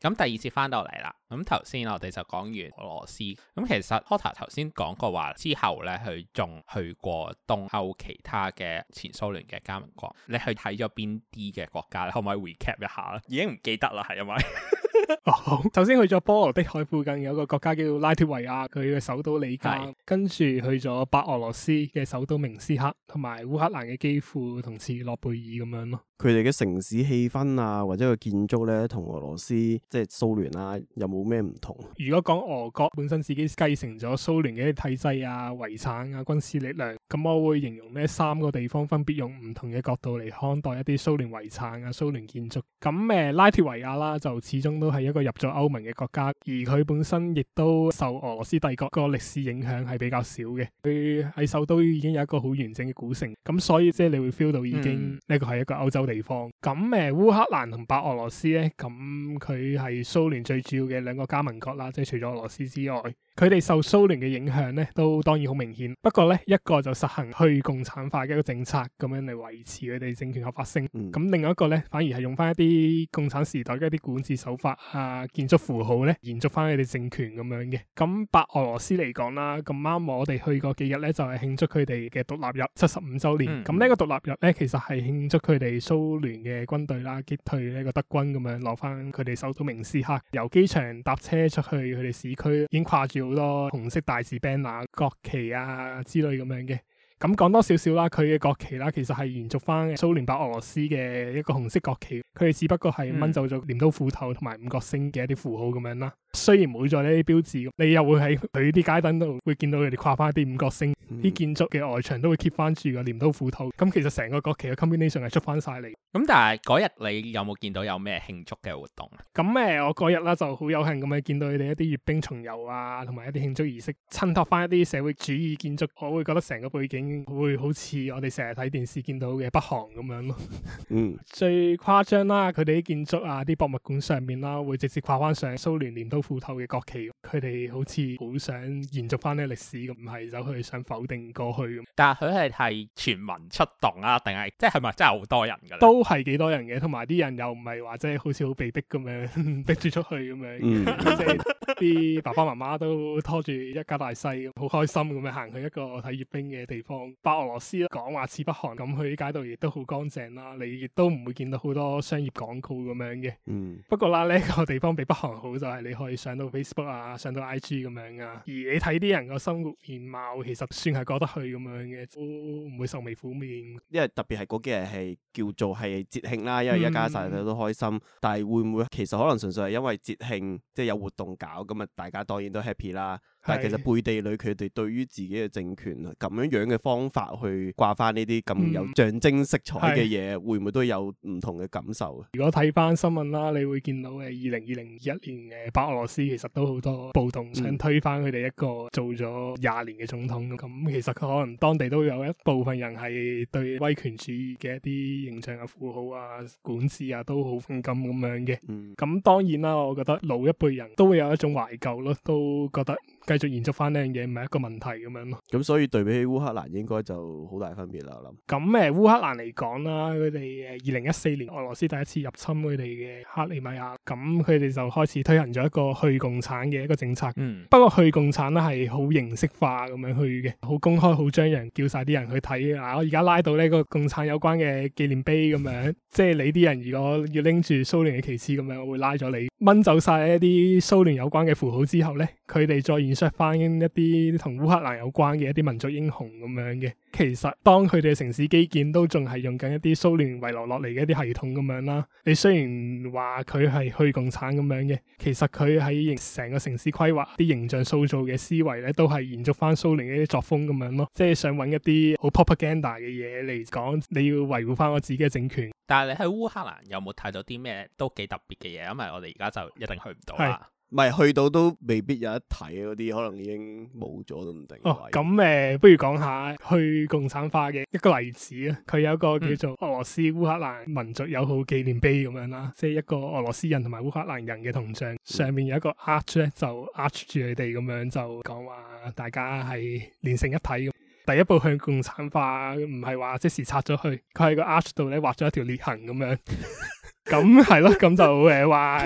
咁第二次翻到嚟啦，咁頭先我哋就講完俄羅斯。咁其實 Horta 頭先講過話之後咧，佢仲去過東歐其他嘅前蘇聯嘅加盟國，你去睇咗邊啲嘅國家？你可唔可以 recap 一下？已經唔記得啦，係因為。 [LAUGHS] 好、 [LAUGHS] 哦，首先去咗波羅的海附近有個國家叫拉脫維亞，佢嘅首都里加，的跟住去咗白俄羅斯嘅首都明斯克，烏克同埋烏克蘭嘅基輔同似諾貝爾咁樣咯。佢哋嘅城市氣氛啊，或者個建築咧，同俄羅斯即係蘇聯啊，有冇咩唔同？如果講俄國本身自己繼承咗蘇聯嘅啲體制啊、遺產啊、軍事力量，咁我會形容呢三個地方分別用唔同嘅角度嚟看待一啲蘇聯遺產啊、蘇聯建築。咁誒，拉脫維亞啦，就始終都係一個入咗歐盟嘅國家，而佢本身亦都受俄羅斯帝國個歷史影響係比較少嘅。佢喺首都已經有一個好完整嘅古城，咁所以即係你會 feel 到已經呢、嗯、個係一個歐洲地方。咁誒、呃，烏克蘭同白俄羅斯咧，咁佢係蘇聯最主要嘅兩個加盟國啦，即係除咗俄羅斯之外，佢哋受蘇聯嘅影響咧都當然好明顯。不過咧，一個就實行去共產化嘅一個政策，咁樣嚟維持佢哋政權合法性。咁、嗯、另外一個咧，反而係用翻一啲共產時代嘅一啲管治手法。啊！建築符號咧，延續翻佢哋政權咁樣嘅。咁白俄羅斯嚟講啦，咁啱我哋去過幾日咧，就係、是、慶祝佢哋嘅獨立日七十五週年。咁呢、嗯、個獨立日咧，其實係慶祝佢哋蘇聯嘅軍隊啦，擊退呢個德軍咁樣，攞翻佢哋首都明斯克。由機場搭車出去佢哋市區，已經跨住好多紅色大字 banner、國旗啊之類咁樣嘅。咁講多少少啦，佢嘅國旗啦，其實係延續返蘇聯白俄羅斯嘅一個紅色國旗，佢哋只不過係掹走咗鐮刀斧頭同埋五角星嘅一啲符號咁樣啦。雖然唔會再呢啲標誌，你又會喺佢啲街燈度會見到佢哋跨翻啲五角星，啲、嗯、建築嘅外牆都會 keep 翻住個鐮刀斧頭。咁其實成個國旗嘅 combination 係出翻晒嚟。咁但係嗰日你有冇見到有咩慶祝嘅活動啊？咁誒，我嗰日啦就好有幸咁樣見到佢哋一啲閱兵重遊啊，同埋一啲慶祝儀式，襯托翻一啲社會主義建築，我會覺得成個背景會好似我哋成日睇電視見到嘅北韓咁樣咯。嗯， [LAUGHS] 最誇張啦，佢哋啲建築啊，啲博物館上面啦，會直接跨翻上蘇聯鐮刀。褲頭嘅國旗，佢哋好似好想延續翻啲歷史咁，唔係就佢哋想否定過去咁。但係佢係係全民出動啊，定係即係係咪真係好多人噶？都係幾多人嘅，同埋啲人又唔係話即係好似好被 [LAUGHS] 逼咁樣逼住出去咁樣。 [LAUGHS] [LAUGHS] [LAUGHS] 啲 [LAUGHS] 爸爸媽媽都拖住一家大細，好開心咁樣行去一個睇閱兵嘅地方，白俄羅斯咯，講話似北韓咁，去街道亦都好乾淨啦，你亦都唔會見到好多商業廣告咁樣嘅。嗯，不過啦，呢、這個地方比北韓好就係你可以上到 Facebook 啊，上到 IG 咁樣啊，而你睇啲人個生活面貌，其實算係過得去咁樣嘅，都唔會愁眉苦面。因為特別係嗰幾日係叫做係節慶啦，因為一家大細都開心，嗯、但係會唔會其實可能純粹係因為節慶，即係有活動㗎。咁啊，今日大家當然都 happy 啦。但係其實背地裏，佢哋對於自己嘅政權啊，咁樣樣嘅方法去掛翻呢啲咁有象徵色彩嘅嘢，嗯、會唔會都有唔同嘅感受？如果睇翻新聞啦，你會見到誒二零二一年嘅白俄羅斯其實都好多暴動想、嗯、推翻佢哋一個做咗廿年嘅總統。咁其實佢可能當地都有一部分人係對威權主義嘅一啲形象啊、符號啊、管治啊都好反感咁樣嘅。咁、嗯、當然啦，我覺得老一輩人都會有一種懷舊咯，都覺得。繼續延續翻呢樣嘢咪一個問題咁樣咯。咁所以對比起烏克蘭應該就好大分別啦，我諗。咁誒烏克蘭嚟講啦，佢哋誒二零一四年俄羅斯第一次入侵佢哋嘅克里米亞，咁佢哋就開始推行咗一個去共產嘅一個政策。嗯。不過去共產咧係好形式化咁樣去嘅，好公開，好張揚，叫晒啲人去睇啊！我而家拉到呢個共產有關嘅紀念碑咁樣， [LAUGHS] 即係你啲人如果要拎住蘇聯嘅旗幟咁樣，我會拉咗你。掹走晒一啲蘇聯有關嘅符號之後咧，佢哋再 insert 翻一啲同烏克蘭有關嘅一啲民族英雄咁樣嘅。其實當佢哋嘅城市基建都仲係用緊一啲蘇聯遺留落嚟嘅一啲系統咁樣啦。你雖然話佢係去共產咁樣嘅，其實佢喺成個城市規劃啲形象塑造嘅思維咧，都係延續翻蘇聯嘅一啲作風咁樣咯。即係想揾一啲好 propaganda 嘅嘢嚟講，你要維護翻我自己嘅政權。但係你喺烏克蘭有冇睇到啲咩都幾特別嘅嘢？因為我哋而家，就一定去唔到啦，唔係去到都未必有一睇，嗰啲可能已經冇咗都唔定。哦，咁誒、呃，不如講下去共產化嘅一個例子啊，佢有一個叫做俄羅斯、嗯、烏克蘭民族友好紀念碑咁樣啦，即係一個俄羅斯人同埋烏克蘭人嘅銅像，上面有一個 arch 咧，就 arch 住佢哋咁樣就講話大家係連成一體。第一步向共產化唔係話即時拆咗去，佢喺個 arch 度咧畫咗一條裂痕咁樣。 [LAUGHS] 咁係咯，咁就誒話，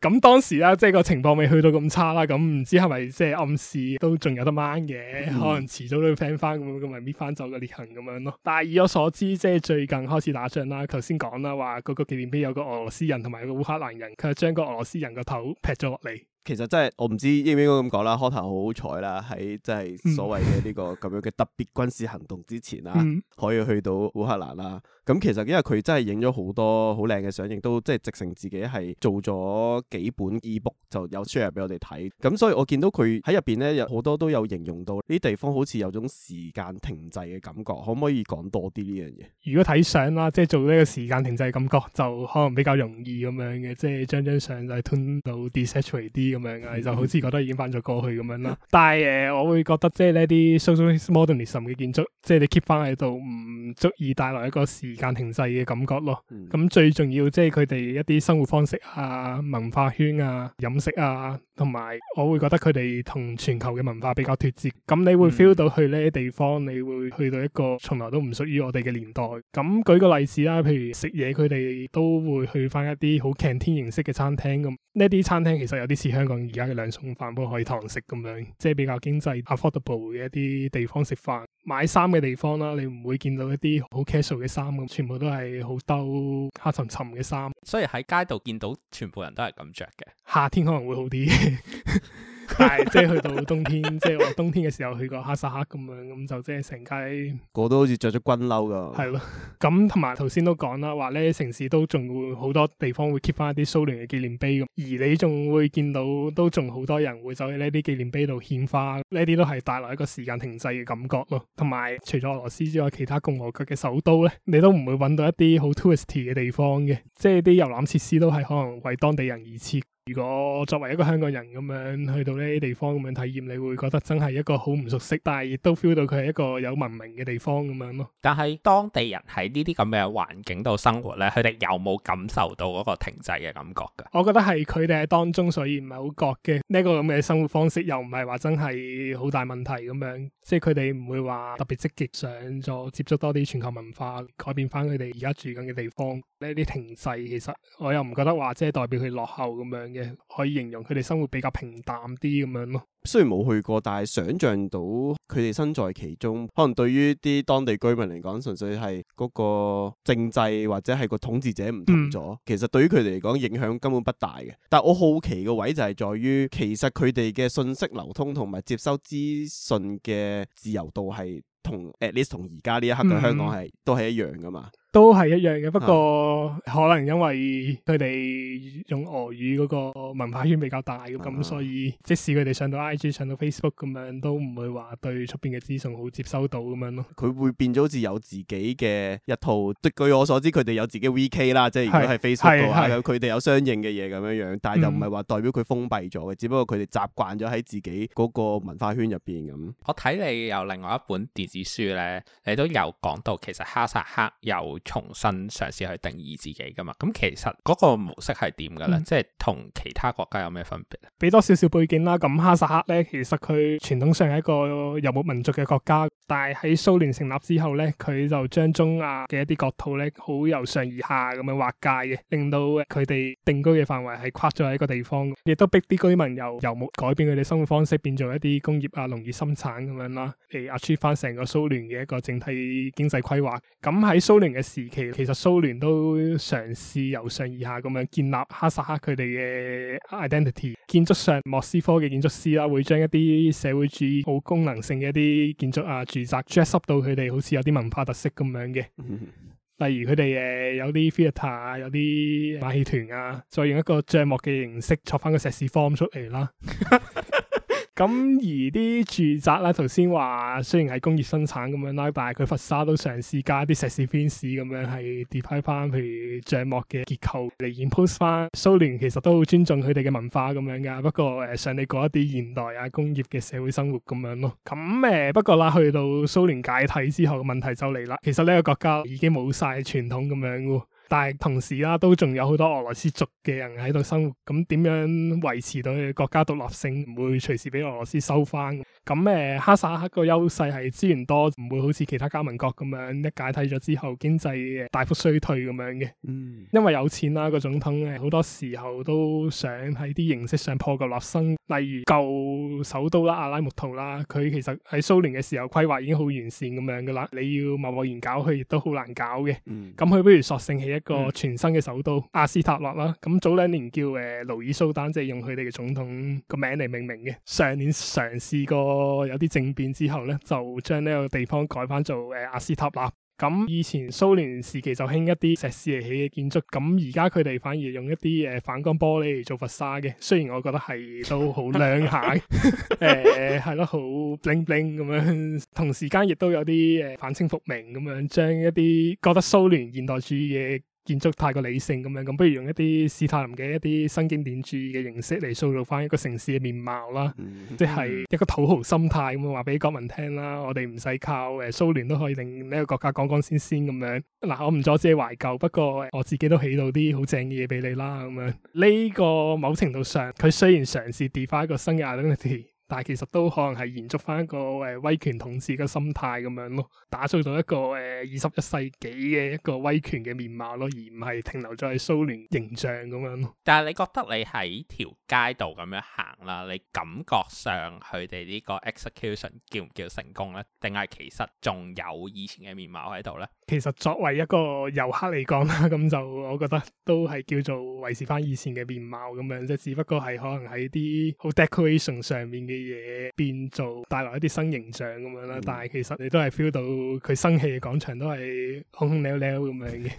咁當時啦，即係個情況未去到咁差啦，咁唔知係咪即係暗示都仲有得掹嘅，嗯、可能遲早都要翻翻咁，咁咪搣翻走個裂痕咁樣咯。但係以我所知，即係最近開始打仗啦，頭先講啦，話嗰個紀念碑有個俄羅斯人同埋有個烏克蘭人，佢就將個俄羅斯人個頭劈咗落嚟。其實真係我唔知應唔應該咁講啦，Horta 好好彩啦，喺即係所謂嘅呢、這個咁 [LAUGHS] 樣嘅特別軍事行動之前啦， [LAUGHS] 可以去到烏克蘭啦。咁其實因為佢真係影咗好多好靚嘅相，亦都即係直成自己係做咗幾本 ebook 就有 share 俾我哋睇。咁所以我見到佢喺入邊咧有好多都有形容到呢地方好似有種時間停滯嘅感覺，可唔可以講多啲呢樣嘢？如果睇相啦，即係做呢個時間停滯嘅感覺，就可能比較容易咁樣嘅，即係張張相就吞到 desaturate 啲。咁樣啊，就好似覺得已經翻咗過去咁樣啦。但係誒，我會覺得即係呢啲 socialist modernism 嘅建築，即係你 keep 翻喺度唔足以帶來一個時間停滯嘅感覺咯。咁最重要即係佢哋一啲生活方式啊、文化圈啊、飲食啊，同埋我會覺得佢哋同全球嘅文化比較脫節。咁你會 feel 到去呢啲地方，你會去到一個從來都唔屬於我哋嘅年代。咁舉個例子啦，譬如食嘢，佢哋都會去翻一啲好 canteen 形式嘅餐廳咁。呢啲餐廳其實有啲似香。香港而家嘅兩餸飯都可以堂食咁樣，即係比較經濟 affordable 嘅一啲地方食飯、買衫嘅地方啦。你唔會見到一啲好 casual 嘅衫咁，全部都係好兜黑沉沉嘅衫。所以喺街度見到全部人都係咁着嘅。夏天可能會好啲。 [LAUGHS] 係， [LAUGHS] [LAUGHS] 即係去到冬天， [LAUGHS] 即係話冬天嘅時候去過哈薩克咁樣，咁就即係成街個 [LAUGHS] [LAUGHS] 都好似着咗軍褸噶。係咯，咁同埋頭先都講啦，話呢城市都仲會好多地方會 keep 翻一啲蘇聯嘅紀念碑咁，而你仲會見到都仲好多人會走喺呢啲紀念碑度獻花，呢啲都係帶來一個時間停滯嘅感覺咯。同埋除咗俄羅斯之外，其他共和國嘅首都咧，你都唔會搵到一啲好 touristy 嘅地方嘅，即係啲遊覽設施都係可能為當地人而設。如果作為一個香港人咁樣去到呢啲地方咁樣體驗，你會覺得真係一個好唔熟悉，但係亦都 feel 到佢係一個有文明嘅地方咁樣咯。但係當地人喺呢啲咁嘅環境度生活咧，佢哋有冇感受到嗰個停滯嘅感覺噶？我覺得係佢哋喺當中所以唔係好覺嘅呢一個咁嘅生活方式，又唔係話真係好大問題咁樣，即係佢哋唔會話特別積極上咗接觸多啲全球文化，改變翻佢哋而家住緊嘅地方呢啲停滯，其實我又唔覺得話即係代表佢落後咁樣。嘅可以形容佢哋生活比較平淡啲咁樣咯。雖然冇去過，但係想像到佢哋身在其中，可能對於啲當地居民嚟講，純粹係嗰個政制或者係個統治者唔同咗，嗯、其實對於佢哋嚟講影響根本不大嘅。但我好奇個位就係在於，其實佢哋嘅信息流通同埋接收資訊嘅自由度係同 at least 同而家呢一刻嘅香港係、嗯、都係一樣㗎嘛。都係一樣嘅，啊、不過可能因為佢哋用俄語嗰個文化圈比較大嘅，咁、啊、所以即使佢哋上到 IG、上到 Facebook 咁樣，都唔會話對出邊嘅資訊好接收到咁樣咯。佢會變咗好似有自己嘅一套，據我所知佢哋有自己 VK 啦，即係如果係 Facebook 嘅話，佢哋有相應嘅嘢咁樣樣，但係就唔係話代表佢封閉咗嘅，嗯、只不過佢哋習慣咗喺自己嗰個文化圈入邊咁。我睇你由另外一本電子書咧，你都有講到其實哈薩克有。重新嘗試去定義自己噶嘛？咁其實嗰個模式係點嘅咧？嗯、即係同其他國家有咩分別？俾多少少背景啦。咁哈薩克咧，其實佢傳統上係一個遊牧民族嘅國家。但係喺蘇聯成立之後咧，佢就將中亞嘅一啲國土咧，好由上而下咁樣劃界嘅，令到佢哋定居嘅範圍係跨咗喺一個地方，亦都逼啲居民由遊牧改變佢哋生活方式，變做一啲工業啊、農業生產咁樣啦，嚟壓縮翻成個蘇聯嘅一個整體經濟規劃。咁喺蘇聯嘅時期，其實蘇聯都嘗試由上而下咁樣建立哈薩克佢哋嘅 identity。建築上，莫斯科嘅建築師啦，會將一啲社會主義好功能性嘅一啲建築啊其實 dress up 到佢哋好似有啲文化特色咁樣嘅，例如佢哋誒有啲 theatre 啊，有啲馬戲團啊，再用一個帳幕嘅形式，作翻個石屎 form 出嚟啦。咁而啲住宅呢，頭先話雖然係工業生產咁樣，但係佢佛山都嘗試加啲石屎片屎咁樣，係 depart from 譬如帳幕嘅結構嚟 impose 翻。Imp 蘇聯其實都好尊重佢哋嘅文化咁樣噶，不過誒，想你過一啲現代啊工業嘅社會生活咁樣咯。咁不過啦，去到蘇聯解體之後嘅問題就嚟啦。其實呢個國家已經冇晒傳統咁樣噶。但係同時啦，都仲有好多俄羅斯族嘅人喺度生活，咁點樣維持到佢國家獨立性，唔會隨時俾俄羅斯收翻？咁誒，哈薩克個優勢係資源多，唔會好似其他加盟國咁樣一解體咗之後經濟大幅衰退咁樣嘅。嗯，因為有錢啦，個總統好多時候都想喺啲形式上破舊立新，例如舊首都啦，阿拉木圖啦，佢其實喺蘇聯嘅時候規劃已經好完善咁樣噶啦。你要貿貿然搞佢，亦都好難搞嘅。嗯，咁佢不如索性起一個全新嘅首都阿斯塔納啦，咁早兩年叫誒盧爾蘇丹，即係用佢哋嘅總統個名嚟命名嘅。上年嘗試過有啲政變之後咧，就將呢個地方改翻做誒阿斯塔納。咁以前蘇聯時期就興一啲石屎嚟起嘅建築，咁而家佢哋反而用一啲誒反光玻璃嚟做佛沙嘅。雖然我覺得係都好靚下，誒係咯，好 bling bling 咁樣。同時間亦都有啲誒反清復明咁樣，將一啲覺得蘇聯現代主義嘅。建築太過理性咁樣，咁不如用一啲史太林嘅一啲新經典主義嘅形式嚟塑造翻一個城市嘅面貌啦，嗯、即係一個土豪心態咁話俾國民聽啦，我哋唔使靠誒蘇聯都可以令呢個國家光光鮮鮮咁樣。嗱，我唔阻止你懷舊，不過我自己都起到啲好正嘅嘢俾你啦，咁樣呢、這個某程度上，佢雖然嘗試 define 一個新嘅 identity。但係其實都可能係延續翻一個誒威權統治嘅心態咁樣咯，打造到一個誒二十一世紀嘅一個威權嘅面貌咯，而唔係停留在係蘇聯形象咁樣咯。但係你覺得你喺條街度咁樣行啦，你感覺上佢哋呢個 execution 叫唔叫成功咧？定係其實仲有以前嘅面貌喺度咧？其實作為一個遊客嚟講啦，咁就我覺得都係叫做維持翻以前嘅面貌咁樣啫，只不過係可能喺啲好 decoration 上面嘅。嘢變做帶嚟一啲新形象咁樣啦，但係其實你都係 feel 到佢生氣嘅廣場都係空空寥寥咁樣嘅，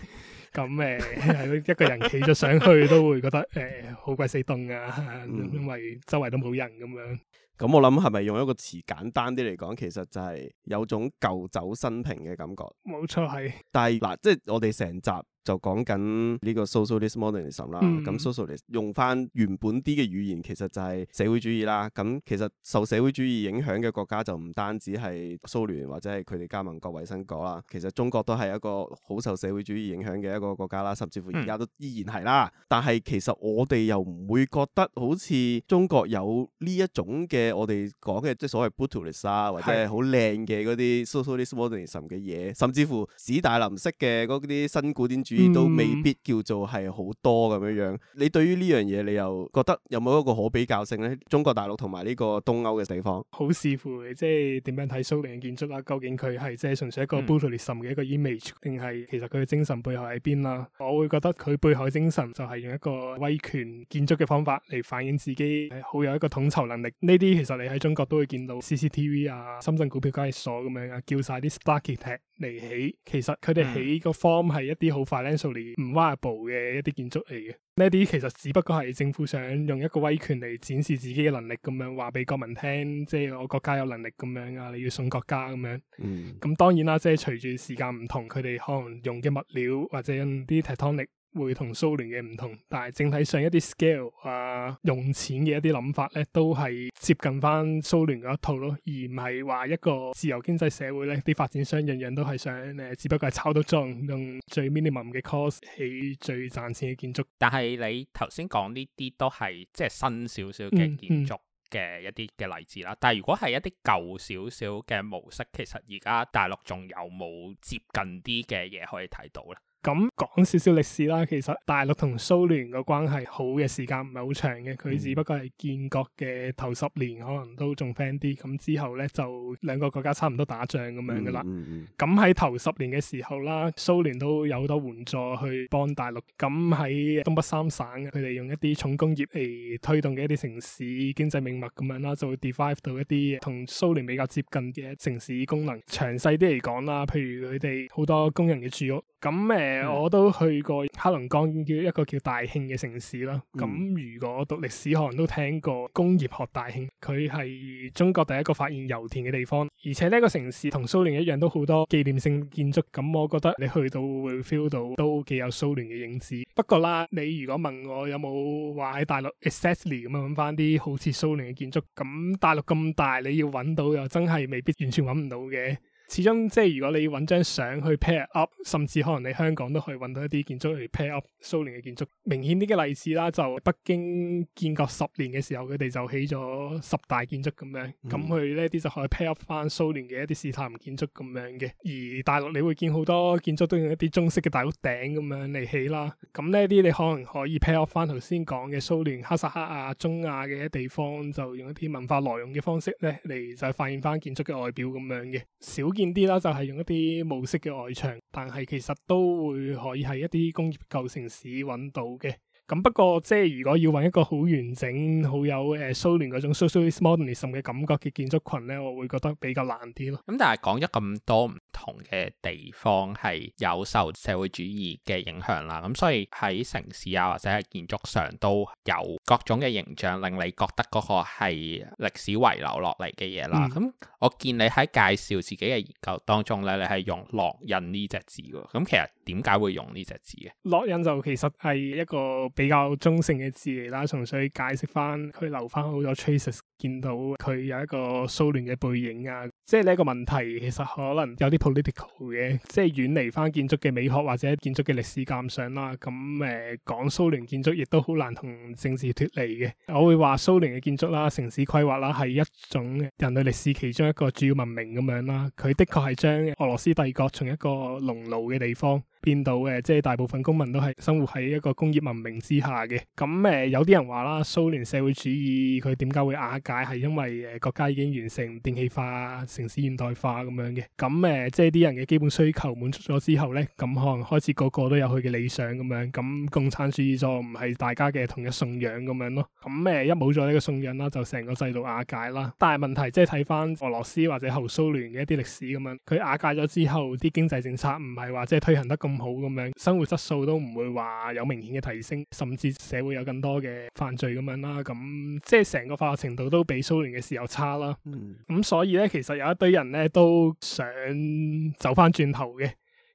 咁誒係一個人企咗上去都會覺得誒好鬼死凍啊，因為周圍都冇人咁樣。咁、嗯、我諗係咪用一個詞簡單啲嚟講，其實就係有種舊酒新瓶嘅感覺。冇錯係。但係嗱，即係、就是、我哋成集。就講緊呢個 socialist modernism 啦，咁 socialist 用翻原本啲嘅語言，其實就係社會主義啦。咁、嗯、其實受社會主義影響嘅國家就唔單止係蘇聯或者係佢哋加盟國、衛生國啦，其實中國都係一個好受社會主義影響嘅一個國家啦，甚至乎而家都依然係啦。嗯、但係其實我哋又唔會覺得好似中國有呢一種嘅我哋講嘅即係所謂 brutalist 啊，或者係好靚嘅嗰啲 socialist modernism 嘅嘢，是甚至乎史大林式嘅嗰啲新古典主義。都未必叫做係好多咁樣樣。你對於呢樣嘢，你又覺得有冇一個可比較性咧？中國大陸同埋呢個東歐嘅地方，好視乎你即係點樣睇蘇聯嘅建築啊。究竟佢係即係純粹一個 bulldozer 嘅一個 image，定係其實佢嘅精神背後喺邊啦？我會覺得佢背後嘅精神就係用一個威權建築嘅方法嚟反映自己係好有一個統籌能力。呢啲其實你喺中國都會見到 CCTV 啊、深圳股票交易所咁樣啊，叫晒啲 starchitect。嚟起，其實佢哋起個 form 係一啲好 financially 唔 viable 嘅一啲建築嚟嘅，呢啲、嗯、其實只不過係政府想用一個威權嚟展示自己嘅能力，咁樣話俾國民聽，即係我國家有能力咁樣啊，你要信國家咁樣。咁、嗯、當然啦，即係隨住時間唔同，佢哋可能用嘅物料或者有啲 t 會同蘇聯嘅唔同，但係整體上一啲 scale 啊、用錢嘅一啲諗法咧，都係接近翻蘇聯嗰一套咯，而唔係話一個自由經濟社會咧，啲發展商樣樣都係想誒、呃，只不過係抄到中，用最 minimum 嘅 cost 起最賺錢嘅建築。但係你頭先講呢啲都係即係新少少嘅建築嘅一啲嘅例子啦。嗯嗯、但係如果係一啲舊少少嘅模式，其實而家大陸仲有冇接近啲嘅嘢可以睇到咧？咁講少少歷史啦，其實大陸同蘇聯個關係好嘅時間唔係好長嘅，佢只不過係建國嘅頭十年可能都仲 friend 啲，咁之後咧就兩個國家差唔多打仗咁樣噶啦。咁喺頭十年嘅時候啦，蘇聯都有好多援助去幫大陸。咁喺東北三省，佢哋用一啲重工業嚟推動嘅一啲城市經濟命脈咁樣啦，就會 divide 到一啲同蘇聯比較接近嘅城市功能。詳細啲嚟講啦，譬如佢哋好多工人嘅住屋。咁誒，呃嗯、我都去過黑龍江叫一個叫大慶嘅城市啦。咁、嗯、如果讀歷史可能都聽過工業學大慶，佢係中國第一個發現油田嘅地方，而且呢個城市同蘇聯一樣都好多紀念性建築。咁我覺得你去到會 feel 到都幾有蘇聯嘅影子。不過啦，你如果問我有冇話喺大陸 exactly 咁樣揾翻啲好似蘇聯嘅建築，咁大陸咁大，你要揾到又真係未必完全揾唔到嘅。始終即係，如果你要揾張相去 pair up，甚至可能你香港都可以揾到一啲建築嚟 pair up 蘇聯嘅建築。明顯啲嘅例子啦，就北京建國十年嘅時候，佢哋就起咗十大建築咁樣，咁佢呢啲就可以 pair up 翻蘇聯嘅一啲史達林建築咁樣嘅。而大陸你會見好多建築都用一啲中式嘅大屋頂咁樣嚟起啦。咁呢啲你可能可以 pair up 翻頭先講嘅蘇聯、哈薩克啊、中亞嘅一啲地方，就用一啲文化內容嘅方式咧嚟就係發現翻建築嘅外表咁樣嘅，少見啲啦，就係用一啲模式嘅外牆，但係其實都會可以喺一啲工業舊城市揾到嘅。咁不過即係如果要揾一個好完整，好有誒蘇聯嗰種 socialist modernism 嘅感覺嘅建築群呢，我會覺得比較難啲咯。咁但係講咗咁多唔同嘅地方係有受社會主義嘅影響啦，咁所以喺城市啊或者喺建築上都有各種嘅形象，令你覺得嗰個係歷史遺留落嚟嘅嘢啦。咁我見你喺介紹自己嘅研究當中呢，你係用烙印呢隻字喎。咁其實點解會用呢隻字嘅？烙印就其實係一個。比較中性嘅字嚟啦，純粹解釋翻，佢留翻好多 traces。見到佢有一個蘇聯嘅背影啊，即係呢個問題，其實可能有啲 political 嘅，即係遠離翻建築嘅美學或者建築嘅歷史鑑賞啦。咁、啊、誒，講蘇聯建築亦都好難同政治脫離嘅。我會話蘇聯嘅建築啦、城市規劃啦，係一種人類歷史其中一個主要文明咁樣啦。佢的確係將俄羅斯帝國從一個農奴嘅地方變到誒，即係大部分公民都係生活喺一個工業文明之下嘅。咁、嗯、誒、啊，有啲人話啦，蘇聯社會主義佢點解會瓦解？解，係因為誒國家已經完成電氣化、城市現代化咁樣嘅，咁誒、呃、即係啲人嘅基本需求滿足咗之後咧，咁可能開始個個都有佢嘅理想咁樣，咁共產主義就唔係大家嘅同一信仰咁樣咯。咁誒一冇咗呢個信仰啦，就成個制度瓦解啦。但係問題即係睇翻俄羅斯或者後蘇聯嘅一啲歷史咁樣，佢瓦解咗之後啲經濟政策唔係話即係推行得咁好咁樣，生活質素都唔會話有明顯嘅提升，甚至社會有更多嘅犯罪咁樣啦。咁、嗯、即係成個化學程度都。都比蘇聯嘅時候差啦，咁、嗯、所以咧，其實有一堆人咧都想走翻轉頭嘅，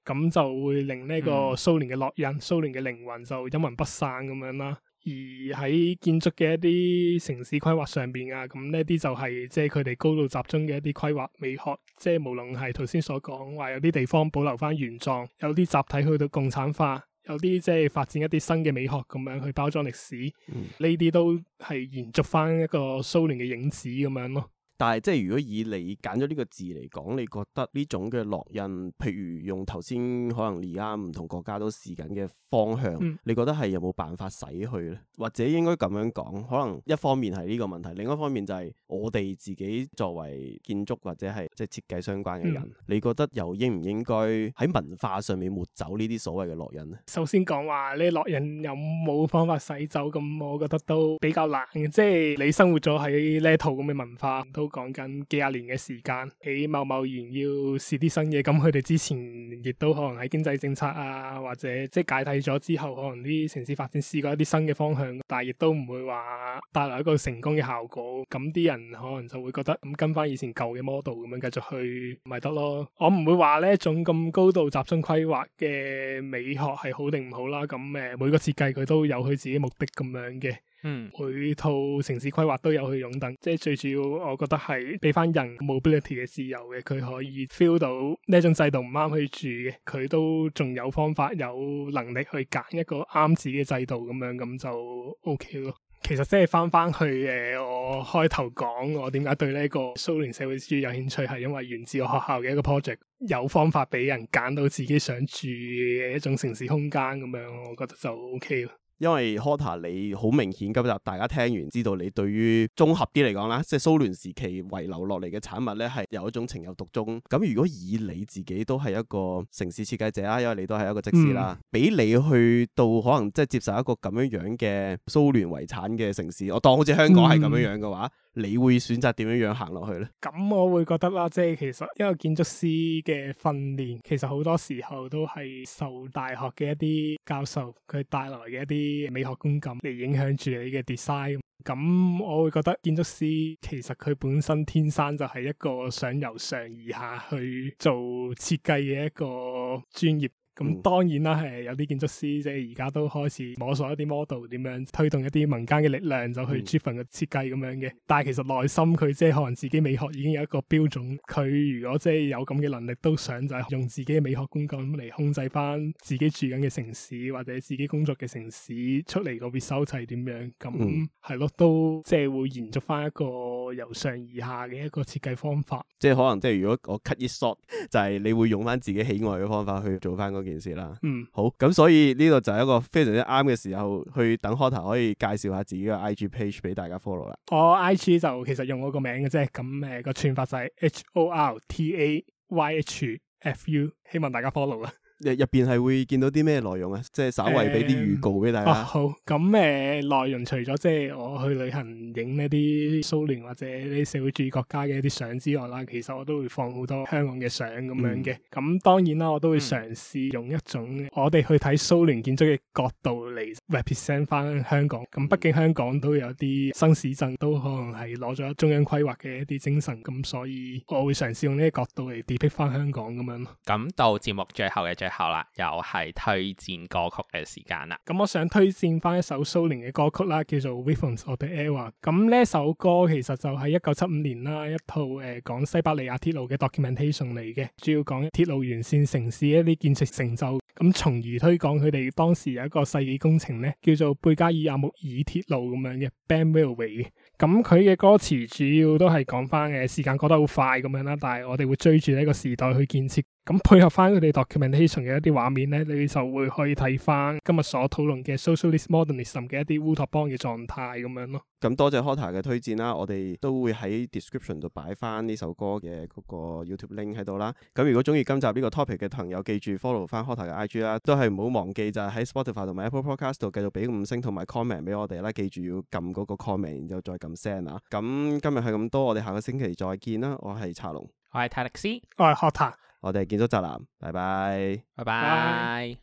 咁就會令呢個蘇聯嘅烙印、嗯、蘇聯嘅靈魂就陰魂不散咁樣啦。而喺建築嘅一啲城市規劃上邊啊，咁呢啲就係即係佢哋高度集中嘅一啲規劃美學，即、就、係、是、無論係頭先所講話有啲地方保留翻原狀，有啲集體去到共產化。有啲即係發展一啲新嘅美學，咁樣去包裝歷史，呢啲、嗯、都係延續翻一個蘇聯嘅影子咁樣咯。但係，即係如果以你揀咗呢個字嚟講，你覺得呢種嘅烙印，譬如用頭先可能而家唔同國家都試緊嘅方向，嗯、你覺得係有冇辦法洗去呢？或者應該咁樣講，可能一方面係呢個問題，另一方面就係我哋自己作為建築或者係即係設計相關嘅人，嗯、你覺得又應唔應該喺文化上面抹走呢啲所謂嘅烙印呢？首先講話，你烙印有冇方法洗走咁，我覺得都比較難嘅，即係你生活咗喺呢套咁嘅文化講緊幾廿年嘅時間，起貿貿然要試啲新嘢，咁佢哋之前亦都可能喺經濟政策啊，或者即係解體咗之後，可能啲城市發展試過一啲新嘅方向，但係亦都唔會話帶來一個成功嘅效果。咁啲人可能就會覺得咁跟翻以前舊嘅 model 咁樣繼續去，咪、就是、得咯。我唔會話呢一種咁高度集中規劃嘅美學係好定唔好啦。咁誒，每個設計佢都有佢自己目的咁樣嘅。嗯，每套城市規劃都有佢擁躉，即係最主要，我覺得係俾翻人 mobility 嘅自由嘅，佢可以 feel 到呢一種制度唔啱佢住嘅，佢都仲有方法有能力去揀一個啱自己嘅制度咁樣，咁就 OK 咯。其實即係翻翻去誒、呃，我開頭講我點解對呢個蘇聯社會主義有興趣，係因為源自我學校嘅一個 project，有方法俾人揀到自己想住嘅一種城市空間咁樣，我覺得就 OK 咯。因為 Horta 你好明顯，今日大家聽完知道你對於綜合啲嚟講啦，即係蘇聯時期遺留落嚟嘅產物咧，係有一種情有獨鍾。咁如果以你自己都係一個城市設計者啦，因為你都係一個則師啦，俾、嗯、你去到可能即係接受一個咁樣樣嘅蘇聯遺產嘅城市，我當好似香港係咁樣樣嘅話。嗯你會選擇點樣樣行落去呢？咁我會覺得啦，即係其實一個建築師嘅訓練，其實好多時候都係受大學嘅一啲教授佢帶嚟嘅一啲美學觀感嚟影響住你嘅 design。咁我會覺得建築師其實佢本身天生就係一個想由上而下去做設計嘅一個專業。咁、嗯、當然啦，係有啲建築師即係而家都開始摸索一啲 model 點樣推動一啲民間嘅力量就、嗯、去出份嘅設計咁樣嘅。但係其實內心佢即係可能自己美學已經有一個標準，佢如果即係有咁嘅能力，都想就係用自己嘅美學觀感嚟控制翻自己住緊嘅城市或者自己工作嘅城市出嚟個結果係點樣。咁係咯，都即係會延續翻一個由上而下嘅一個設計方法，即係可能即係如果我 cut it short，就係你會用翻自己喜愛嘅方法去做翻嗰件事啦。嗯，好，咁所以呢度就係一個非常之啱嘅時候，去等 Horta 可以介紹下自己嘅 IG page 俾大家 follow 啦。我 IG 就其實用我個名、呃那個名嘅啫，咁誒個串法就係 H O R T A Y H F U，希望大家 follow 啦。入入邊係會見到啲咩內容啊？即係稍為俾啲預告俾大家。呃啊、好，咁誒、呃，內容除咗即係我去旅行影呢啲蘇聯或者啲社會主義國家嘅一啲相之外啦，其實我都會放好多香港嘅相咁樣嘅。咁、嗯、當然啦，我都會嘗試用一種我哋去睇蘇聯建築嘅角度嚟 represent 翻香港。咁、嗯、畢竟香港都有啲新市鎮，都可能係攞咗中央規劃嘅一啲精神。咁所以我會嘗試用呢個角度嚟 depict 翻香港咁樣。咁到節目最後嘅。好啦，又係推薦歌曲嘅時間啦。咁我想推薦翻一首蘇聯嘅歌曲啦，叫做《Rhythms of the Era》。咁呢首歌其實就係一九七五年啦，一套誒講、呃、西伯利亞鐵路嘅 documentation 嚟嘅，主要講鐵路沿線城市一啲建設成就，咁從而推廣佢哋當時有一個世紀工程咧，叫做貝加爾阿穆爾鐵路咁樣嘅 BAM Railway。咁佢嘅歌詞主要都係講翻誒時間過得好快咁樣啦，但係我哋會追住呢個時代去建設。咁、嗯、配合翻佢哋 documentation 嘅一啲畫面咧，你就會去睇翻今日所討論嘅 socialist modernism 嘅一啲烏托邦嘅狀態咁樣咯。咁、嗯、多謝 Horta 嘅推薦啦，我哋都會喺 description 度擺翻呢首歌嘅嗰個 YouTube link 喺度啦。咁、嗯、如果中意今集呢個 topic 嘅朋友，記住 follow 翻 Horta 嘅 IG 啦，都係唔好忘記就喺 Spotify 同埋 Apple Podcast 度繼續俾五星同埋 comment 俾我哋啦。記住要撳嗰個 comment，然後再撳 send 啊。咁、嗯、今日係咁多，我哋下個星期再見啦。我係茶龍，我係泰力斯，我係 Horta 我哋建築宅男，拜拜，拜拜。